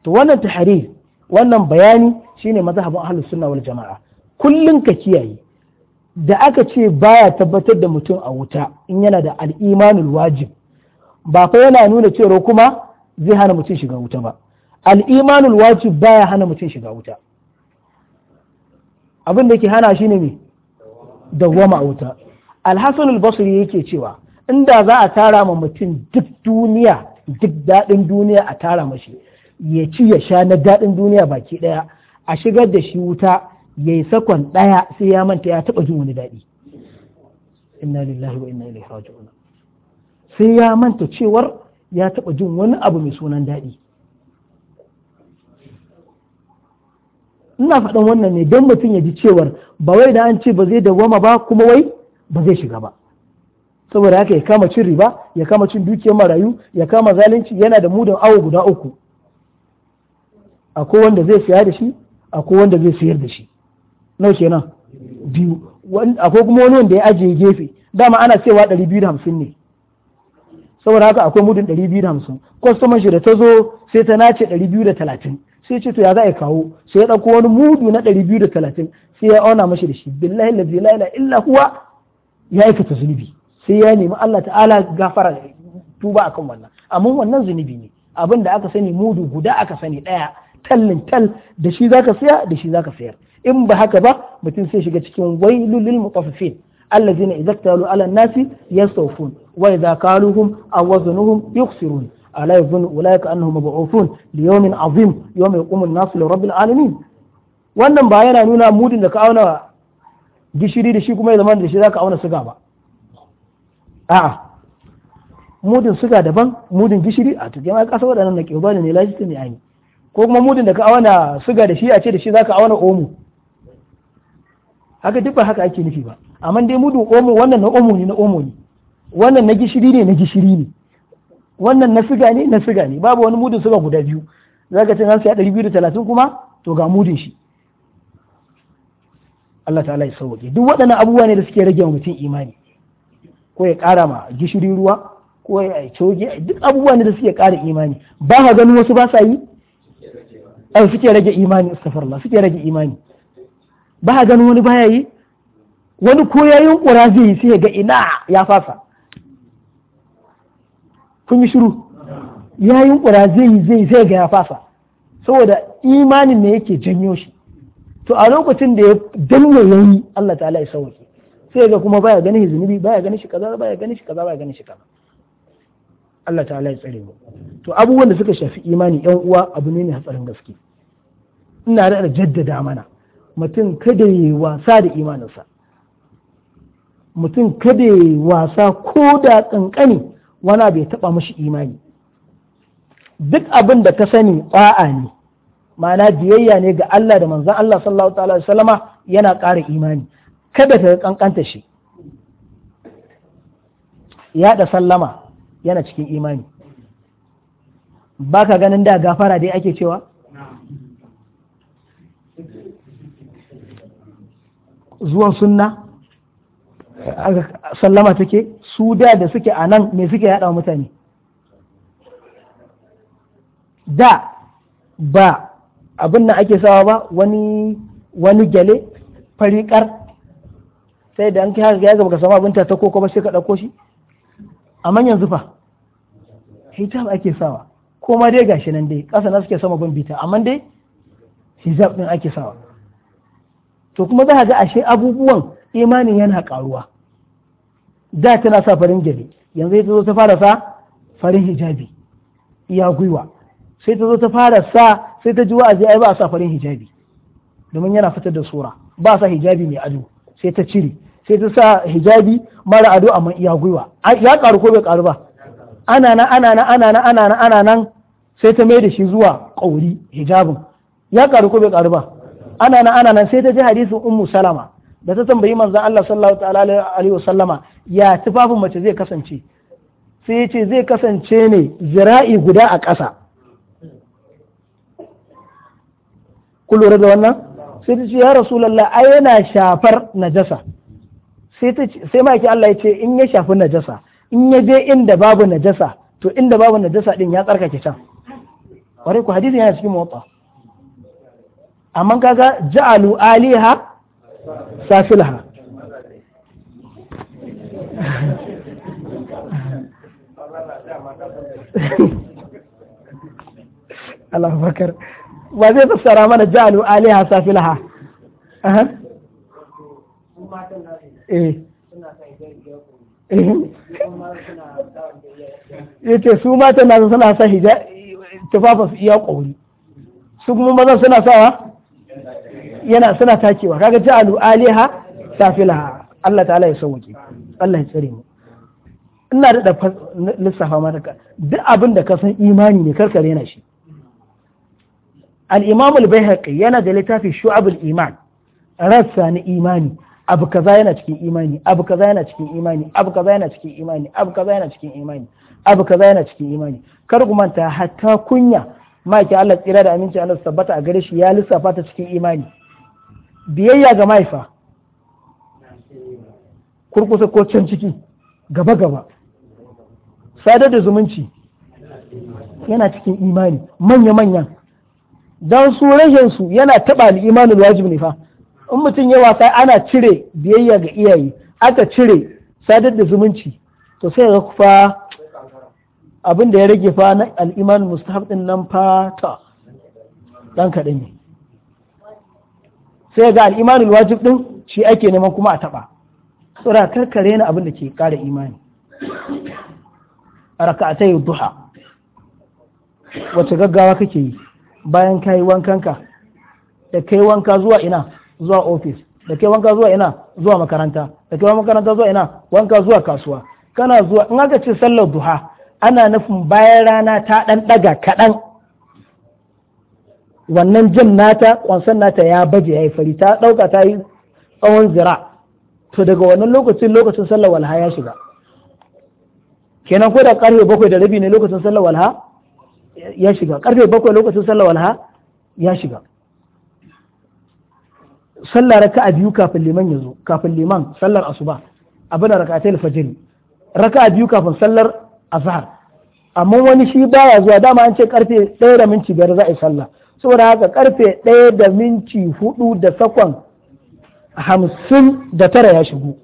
to wannan tahrir wannan bayani shine mazhabin ahlus sunna wal jamaa kullun ka kiyaye da aka ce baya tabbatar da mutum a wuta in yana da al al-imanul wajib ba fa yana nuna cewa kuma zai hana mutum shiga wuta ba al'imanul wajib baya hana mutum shiga wuta abin da ke hana shi ne me dawwama a wuta alhassanul basri yake cewa inda za a tara ma mutum duk duniya duk daɗin duniya a tara mashi ya ci ya sha na daɗin duniya baki ɗaya a shigar da shi wuta ya yi sakon ɗaya sai ya manta ya taɓa jin wani daɗi inna lillahi wa inna ilaihi raji'un sai ya manta cewar ya taɓa jin wani abu mai sunan daɗi ina faɗin wannan ne don mutum ya ji cewar ba wai da an ce ba zai dawwama ba kuma wai ba zai shiga ba saboda haka ya kama cin riba ya kama cin dukiyar marayu ya kama zalunci yana da mudan awo guda uku akwai wanda zai siya da shi akwai wanda zai siyar da shi nau kenan biyu akwai kuma wani wanda ya ajiye gefe dama ana cewa ɗari biyu da hamsin ne saboda haka akwai mudun ɗari biyu da hamsin kwastaman shi da ta zo sai ta nace ɗari biyu da talatin sai ce to ya za a kawo sai ya ɗauko wani mudu na ɗari biyu da talatin sai ya auna mashi da shi billahi lazi la ila illa huwa ya aikata zunubi sai ya nemi Allah ta'ala gafara tuba akan wannan amma wannan zunubi ne abin da aka sani mudu guda aka sani ɗaya tallin tal da shi zaka saya da shi zaka sayar in ba haka ba mutum sai shiga cikin wailul lil mutaffifin allazina idza talu ala nasi yastawfun wa idza qaluhum aw wazanuhum yukhsirun ألا يظن أولئك أنهم مبعوثون ليوم عظيم يوم يقوم الناس لرب العالمين wannan ba yana nuna mudin da ka auna gishiri da shi kuma ya zama da shi za ka auna suga ba a'a mudin suga daban mudin gishiri a cikin ai kasa waɗannan na ƙiba ne lajistin ya yi ko kuma mudin da ka auna suga da shi a ce da shi za ka auna omo haka duk ba haka ake nufi ba amma dai mudin omo wannan na omo ne na omo ne wannan na gishiri ne na gishiri ne wannan na siga ne na siga ne babu wani mudin siga guda biyu zaka ce biyu da 230 kuma to ga mudin shi Allah ta'ala ya sauke duk waɗannan abubuwa ne da suke rage wa mutum imani ko ya ƙara ma gishiri ruwa ko ya coge duk abubuwa ne da suke ƙara imani ba ka ganin wasu ba sa yi ai eh, suke rage imani astaghfirullah suke rage imani ba ka ganin wani baya yi wani ko yayin ƙura zai yi sai ya ga ina ya fasa kun yi shiru ya yi kura zai zai zai ga ya fasa saboda imanin ne yake janyo shi to a lokacin da ya danne yayi Allah ta'ala ya sauke sai ga kuma baya ganin zunubi baya ganin shi kaza baya ganin shi kaza baya ganin shi kaza Allah ta'ala ya tsare mu to abubuwan da suka shafi imani yan uwa abu ne ne hatsarin gaske ina da jaddada mana mutum kada yi wasa da imaninsa mutum kada yi wasa ko da kankani wana bai taɓa mashi imani duk abin da ka sani ƙwa'a ne ma'ana biyayya ne ga Allah da manzon Allah sallallahu ta'ala sallama yana ƙara imani kada ka kankanta shi ya da sallama yana cikin imani ba ka ganin da gafara dai ake cewa zuwan sunna sallama take su da da suke a nan me suke yaɗa mutane da ba abin nan ake sawa ba wani wani gyale farikar sai da an kai haka ya gaba sama abinta ta koko ba sai ka dauko shi amma yanzu fa hijab ake sawa ko ma dai gashi nan dai ƙasa na suke sama bita amma dai hijab din ake sawa to kuma za a ga ashe abubuwan imanin yana karuwa da tana sa farin jabi yanzu ta zo ta fara sa farin hijabi iya gwiwa sai ta zo ta fara sa sai ta ji wa'azi ai ba a sa farin hijabi domin yana fitar da sura ba sa hijabi mai ado sai ta cire sai ta sa hijabi mara ado amma iya gwiwa ya karu ko bai karu ba ana nan ana nan ana nan ana nan ana nan sai ta mai da shi zuwa kauri hijabin ya karu ko bai karu ba ana nan ana nan sai ta ji hadisin ummu salama da ta tambayi manzan Allah sallallahu ta'ala alaihi wasallama ya tufafin mace zai kasance sai ce zai kasance ne zira'i guda a ƙasa ku lura da wannan sai ta ce ya rasulallah ai yana shafar najasa sai maki Allah ya ce in ya shafi najasa in ya je inda babu najasa to inda babu najasa din ya tsarkake can kwarai ku hadisi yana cikin motsa amma kaga ja'alu aliha safilaha Allah bakar ba zai fassara mana ja'alu aliha safilaha aha eh su matan nasu suna sa tufafin tufafas iya ƙauri su kuma mazan suna sawa yana suna takewa kaga ja'alu aliha safilaha Allah ta'ala ya sauke Allah ya tsare mu ina da lissafa mata duk abin da ka san imani ne karka rena shi al-imam al bayhaqi yana da littafi shu'abul iman rassa na imani abu kaza yana cikin imani abu kaza yana cikin imani abu kaza yana cikin imani abu kaza yana cikin imani abu kaza yana cikin imani kar ku manta hatta kunya maki Allah tsira da aminci Allah tabbata a gare shi ya lissafa ta cikin imani biyayya ga mahaifa kurkusa ko can ciki gaba gaba sadar da zumunci yana cikin imani manya manya don su su yana taɓa imanin wajibi ne fa in mutum ya wasa ana cire biyayya ga iyaye aka cire sadar da zumunci to sai ga fa abin da ya rage fa na al'imanin mustahab din nan fa ta dan ne sai ga al'imanul wajib din shi ake neman kuma a taba tsura karkare na abin da ke kara imani a raka'atai duha wace gaggawa kake yi bayan kai wankanka da kai wanka zuwa ina zuwa ofis da kai wanka zuwa ina zuwa makaranta da kai makaranta zuwa ina wanka zuwa kasuwa kana zuwa in aka ce sallar duha ana nufin bayan rana ta dan daga kaɗan wannan jan nata ƙwansan nata ya baje ya yi fari ta ɗauka ta yi tsawon zira to daga wannan lokacin lokacin sallar walha ya shiga kenan ko da karfe bakwai da rabi ne lokacin sallar walha ya shiga karfe bakwai lokacin sallar walha ya shiga sallar raka a biyu kafin liman ya zo kafin liman sallar asuba abin da raka ta alfajiri raka a biyu kafin sallar azhar amma wani shi baya zuwa dama an ce karfe ɗaya da minti biyar za a yi sallah saboda haka karfe ɗaya da minti hudu da sakon hamsin da tara ya shigo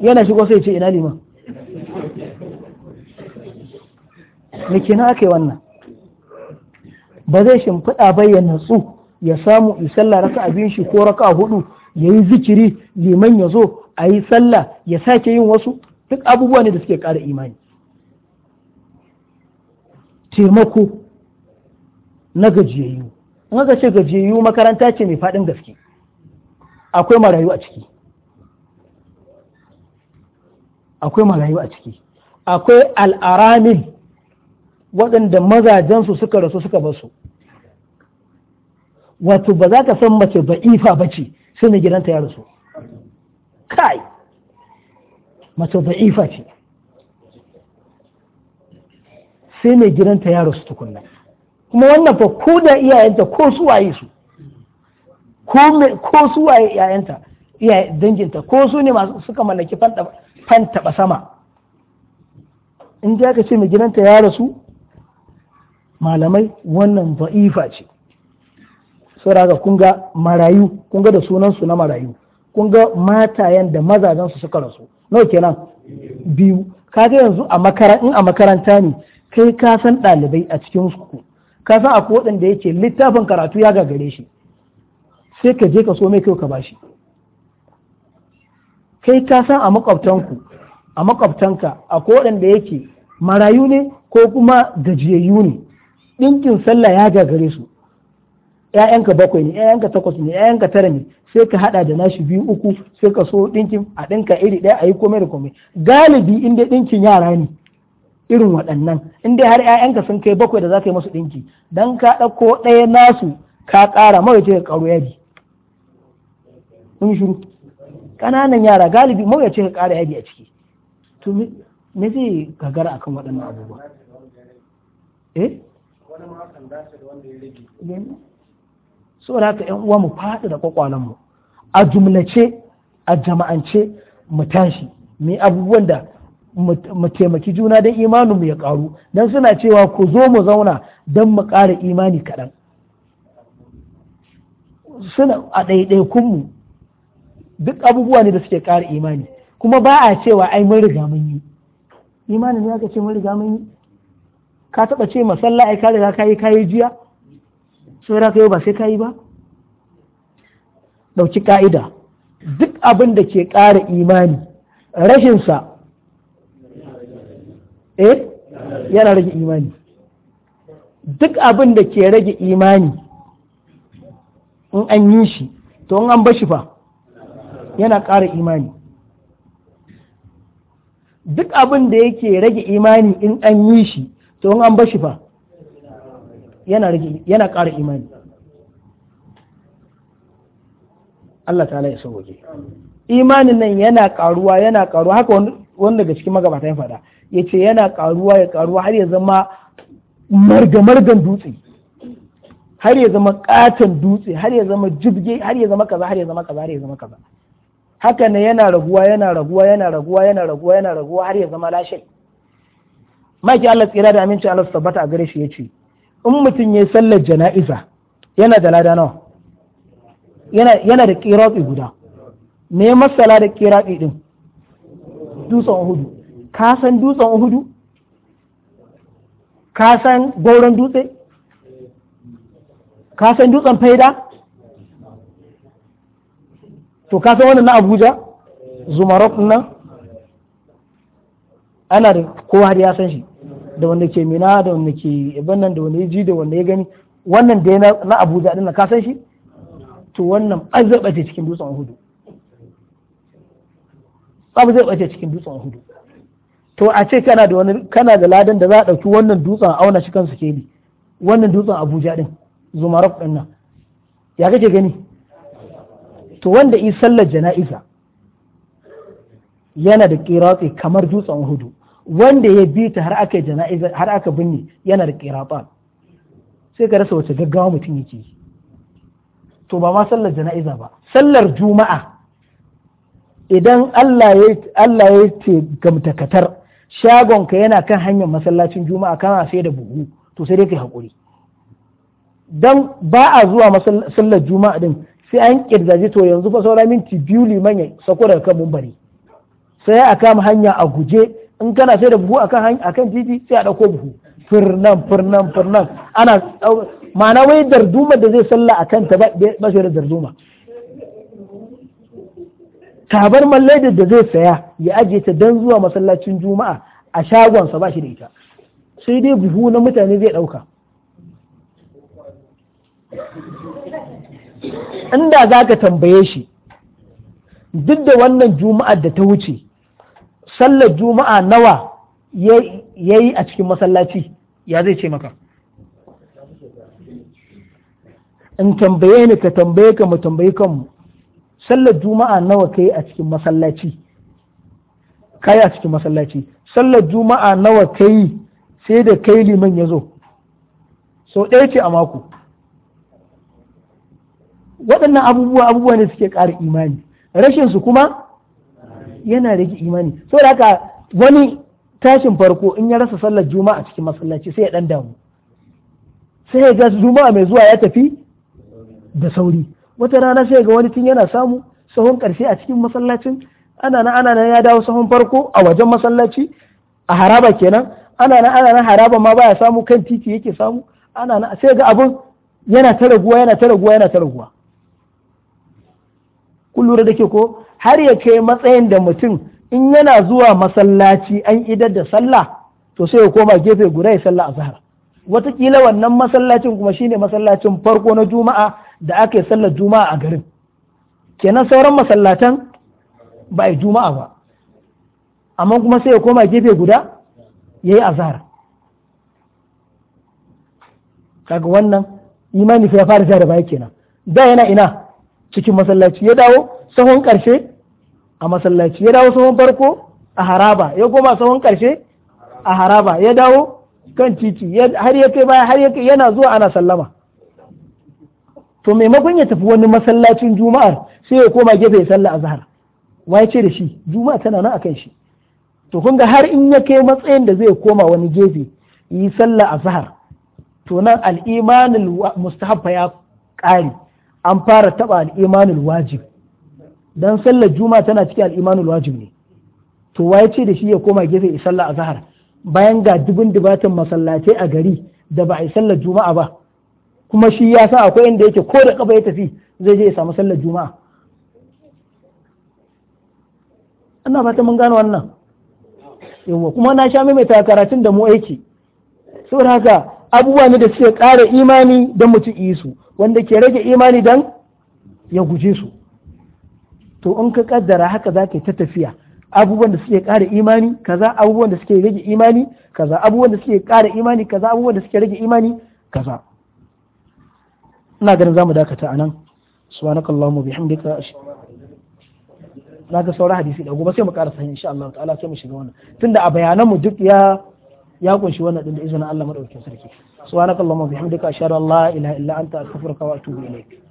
yana shigo sai ce ina liman me kenan aka yi wannan ba zai shimfiɗa bayyana ya ya samu yi sallah raka abin shi ko raka hudu ya yi zikiri liman ya zo a yi sallah ya sake yin wasu duk abubuwa ne da suke ƙara imani taimako na gajiyayyu in aka ce gajiyayyu makaranta ce mai faɗin gaske akwai marayu a ciki akwai marayu a ciki akwai al'aramin waɗanda mazajensu suka rasu suka basu wato ba za ka san mace ba ifa ba ce sai mai gidanta ya rasu kai mace ba ifa ce sai mai gidanta ya rasu tukunna kuma wannan fa ko da iyayenta ko su waye su ko su waye iyayenta iyaye danginta ko su ne masu suka mallaki fan taba sama in ji aka ce mai gidanta ya rasu malamai wannan za'ifa ce saboda kun ga marayu kun ga da sunansu na marayu kun ga matayen da mazajensu suka rasu nawa kenan biyu kaga yanzu in a makaranta ne kai ka san ɗalibai a cikin ku ka san akwai waɗanda yake littafin karatu ya gagare shi sai ka je ka so mai kyau ka bashi kai ka san a makwabtanku a makwabtanka akwai waɗanda yake marayu ne ko kuma gajiyayyu ne ɗinkin sallah ya gagare su ‘ya'yanka bakwai ne ‘ya'yanka takwas ne ‘ya'yanka tara ne sai ka haɗa da nashi biyu uku sai ka so ɗinkin a ɗinka iri ɗaya a yi komai da komai galibi inda ɗinkin yara ne irin waɗannan in dai har 'ya'yanka sun kai bakwai da za ka yi musu ɗinki dan ka ɗauko ɗaya nasu ka ƙara mawuyace ka ƙaro yadi ƙananan yara galibi mawuyace ka ƙara yadi a ciki to me zai gagara akan waɗannan abubuwa eh da haka yan uwa mu faɗi da kwakwalan mu a jumlace a jama'ance mu tashi me abubuwan da mu taimaki juna don imanin mu ya karu don suna cewa ku zo mu zauna don mu ƙara imani kaɗan suna a ɗaiɗaikunmu duk abubuwa ne da suke ƙara imani kuma ba a cewa ai mun riga mun yi imanin ya ce mun riga mun yi ka taɓa ce sallah ai ka riga ka yi kayi jiya sai ra ka yi ba sai ka yi ba ɗauki ka'ida duk abin da ke ƙara imani rashinsa eh yana rage imani duk abin da ke rage imani in an yi shi to in an bashi fa yana ƙara imani duk abin da yake rage imani in an yi shi to in an bashi fa yana ƙara imani Allah ta ya sauwaje imanin nan yana ƙaruwa yana ƙaruwa haka wani wanda daga cikin magabata ya faɗa ya ce yana karuwa ya karuwa har ya zama margamargan dutse har ya zama katon dutse har ya zama jibge har ya zama kaza har ya zama kaza har ya zama kaza haka ne yana raguwa yana raguwa yana raguwa yana raguwa yana raguwa har ya zama lashai maki Allah tsira da aminci Allah tabbata a gare shi yace in mutum ya sallar jana'iza yana da lada nawa yana da qiraqi guda me masala da qiraqi din dutsen uhudu ka san dutsen uhudu ka san gauran dutse ka san dutsen faida to ka san wannan na abuja zumarok nan ana da kowa da ya san shi da wanda ke mina da wanda ke ibanan da wanda ya ji da wanda ya gani wannan da na abuja na ka san shi to wannan an zaɓa ce cikin dutsen hudu babu zai ɓace cikin dutsen hudu to a ce kana da wani kana da ladan da za a ɗauki wannan dutsen a auna shi kansu keli wannan dutsen abuja din zumarok din nan ya kake gani to wanda yi sallar jana'iza yana da kiratsi kamar dutsen hudu wanda ya bi ta har aka jana'iza har aka binne yana da kiratsa sai ka rasa wace gaggawa mutum yake yi to ba ma sallar jana'iza ba sallar juma'a idan Allah ya Allah ya ce gamtakatar shagonka yana kan hanyar masallacin juma'a kana sai da buhu to sai dai kai hakuri don ba a zuwa sallar juma'a din sai an ƙirzaje to yanzu fa saura minti biyu liman ya sako daga kan mumbari sai a kama hanya a guje in kana sai da buhu a kan titi sai a dauko buhu firnan firnan firnan ana ma'ana wai darduma da zai sallah a kanta ba shi da darduma tabar malladar da zai saya ya ajiye ta dan zuwa masallacin juma'a a shagonsa ba shi da ita sai dai buhu na mutane zai ɗauka inda za ka tambaye shi duk da wannan juma'ar da ta wuce sallar juma'a nawa ya yi a cikin masallaci ya zai ce maka in tambaye ni ka tambaye ka mu tambayi kanmu sallar juma'a nawa ka a cikin masallaci kai a cikin masallaci sallar juma'a nawa ka yi, sai da kai liman ya zo sau ɗaya ce a mako waɗannan abubuwa abubuwa ne suke ƙara imani rashin su kuma yana rage imani saboda haka wani tashin farko in ya rasa sallar juma'a cikin masallaci sai ya ɗan damu sai ya ga juma'a mai zuwa ya tafi da sauri wata rana sai ga wani tun yana samu sahun karshe a cikin masallacin ana na ana na ya dawo sahun farko a wajen masallaci a haraba kenan ana na ana na haraba ma baya samu kan titi yake samu ana na sai ga abun yana ta raguwa yana ta raguwa yana ta raguwa kun da ke ko har ya kai matsayin da mutum in yana zuwa masallaci an idar da sallah to sai ya koma gefe guda ya sallah a zahar watakila wannan masallacin kuma shine masallacin farko na juma'a da aka yi sallar juma'a a garin kenan sauran masallatan ba a yi juma'a ba amma kuma sai ya koma gefe guda ya yi azhar kaga wannan imani fa ya fara da baya kenan da yana ina cikin masallaci ya dawo sahun karshe a masallaci ya dawo sahun farko a haraba ya koma sahun karshe a haraba ya dawo kan titi har ya kai baya har ya kai yana zuwa ana sallama to maimakon ya tafi wani masallacin juma'ar sai ya koma gefe ya sallah azhar wai ce da shi juma'a tana nan akan shi to kun ga har in ya kai matsayin da zai koma wani gefe yi sallah azhar to nan al-imanul mustahabba ya kare an fara taba al-imanul wajib dan sallar juma'a tana cikin al-imanul wajib ne to wai ce da shi ya koma gefe ya sallah azhar bayan ga dubin dubatan masallatai a gari da ba a yi sallar juma'a ba kuma shi ya sa akwai inda yake ko da kafa ya tafi zai je ya samu sallar juma'a ana fata mun gano wannan yawa kuma na sha maimaita karatun da mu aiki saboda haka abubuwa ne da suke ƙara imani don mutum yi su wanda ke rage imani don ya guje su to in ka kaddara haka za ka yi ta tafiya abubuwan da suke ƙara imani kaza abubuwan da suke rage imani kaza abubuwan da suke ƙara imani kaza abubuwan da suke rage imani kaza ina ganin zamu dakata anan subhanakallahumma bihamdika na ga sauran hadisi da gobe sai mu karasa insha Allah ta'ala sai mu shiga wannan tunda a bayanan mu duk ya ya kunshi wannan din da izinin Allah madaukakin sarki subhanakallahumma bihamdika ashhadu an la ilaha illa anta astaghfiruka wa atubu ilaik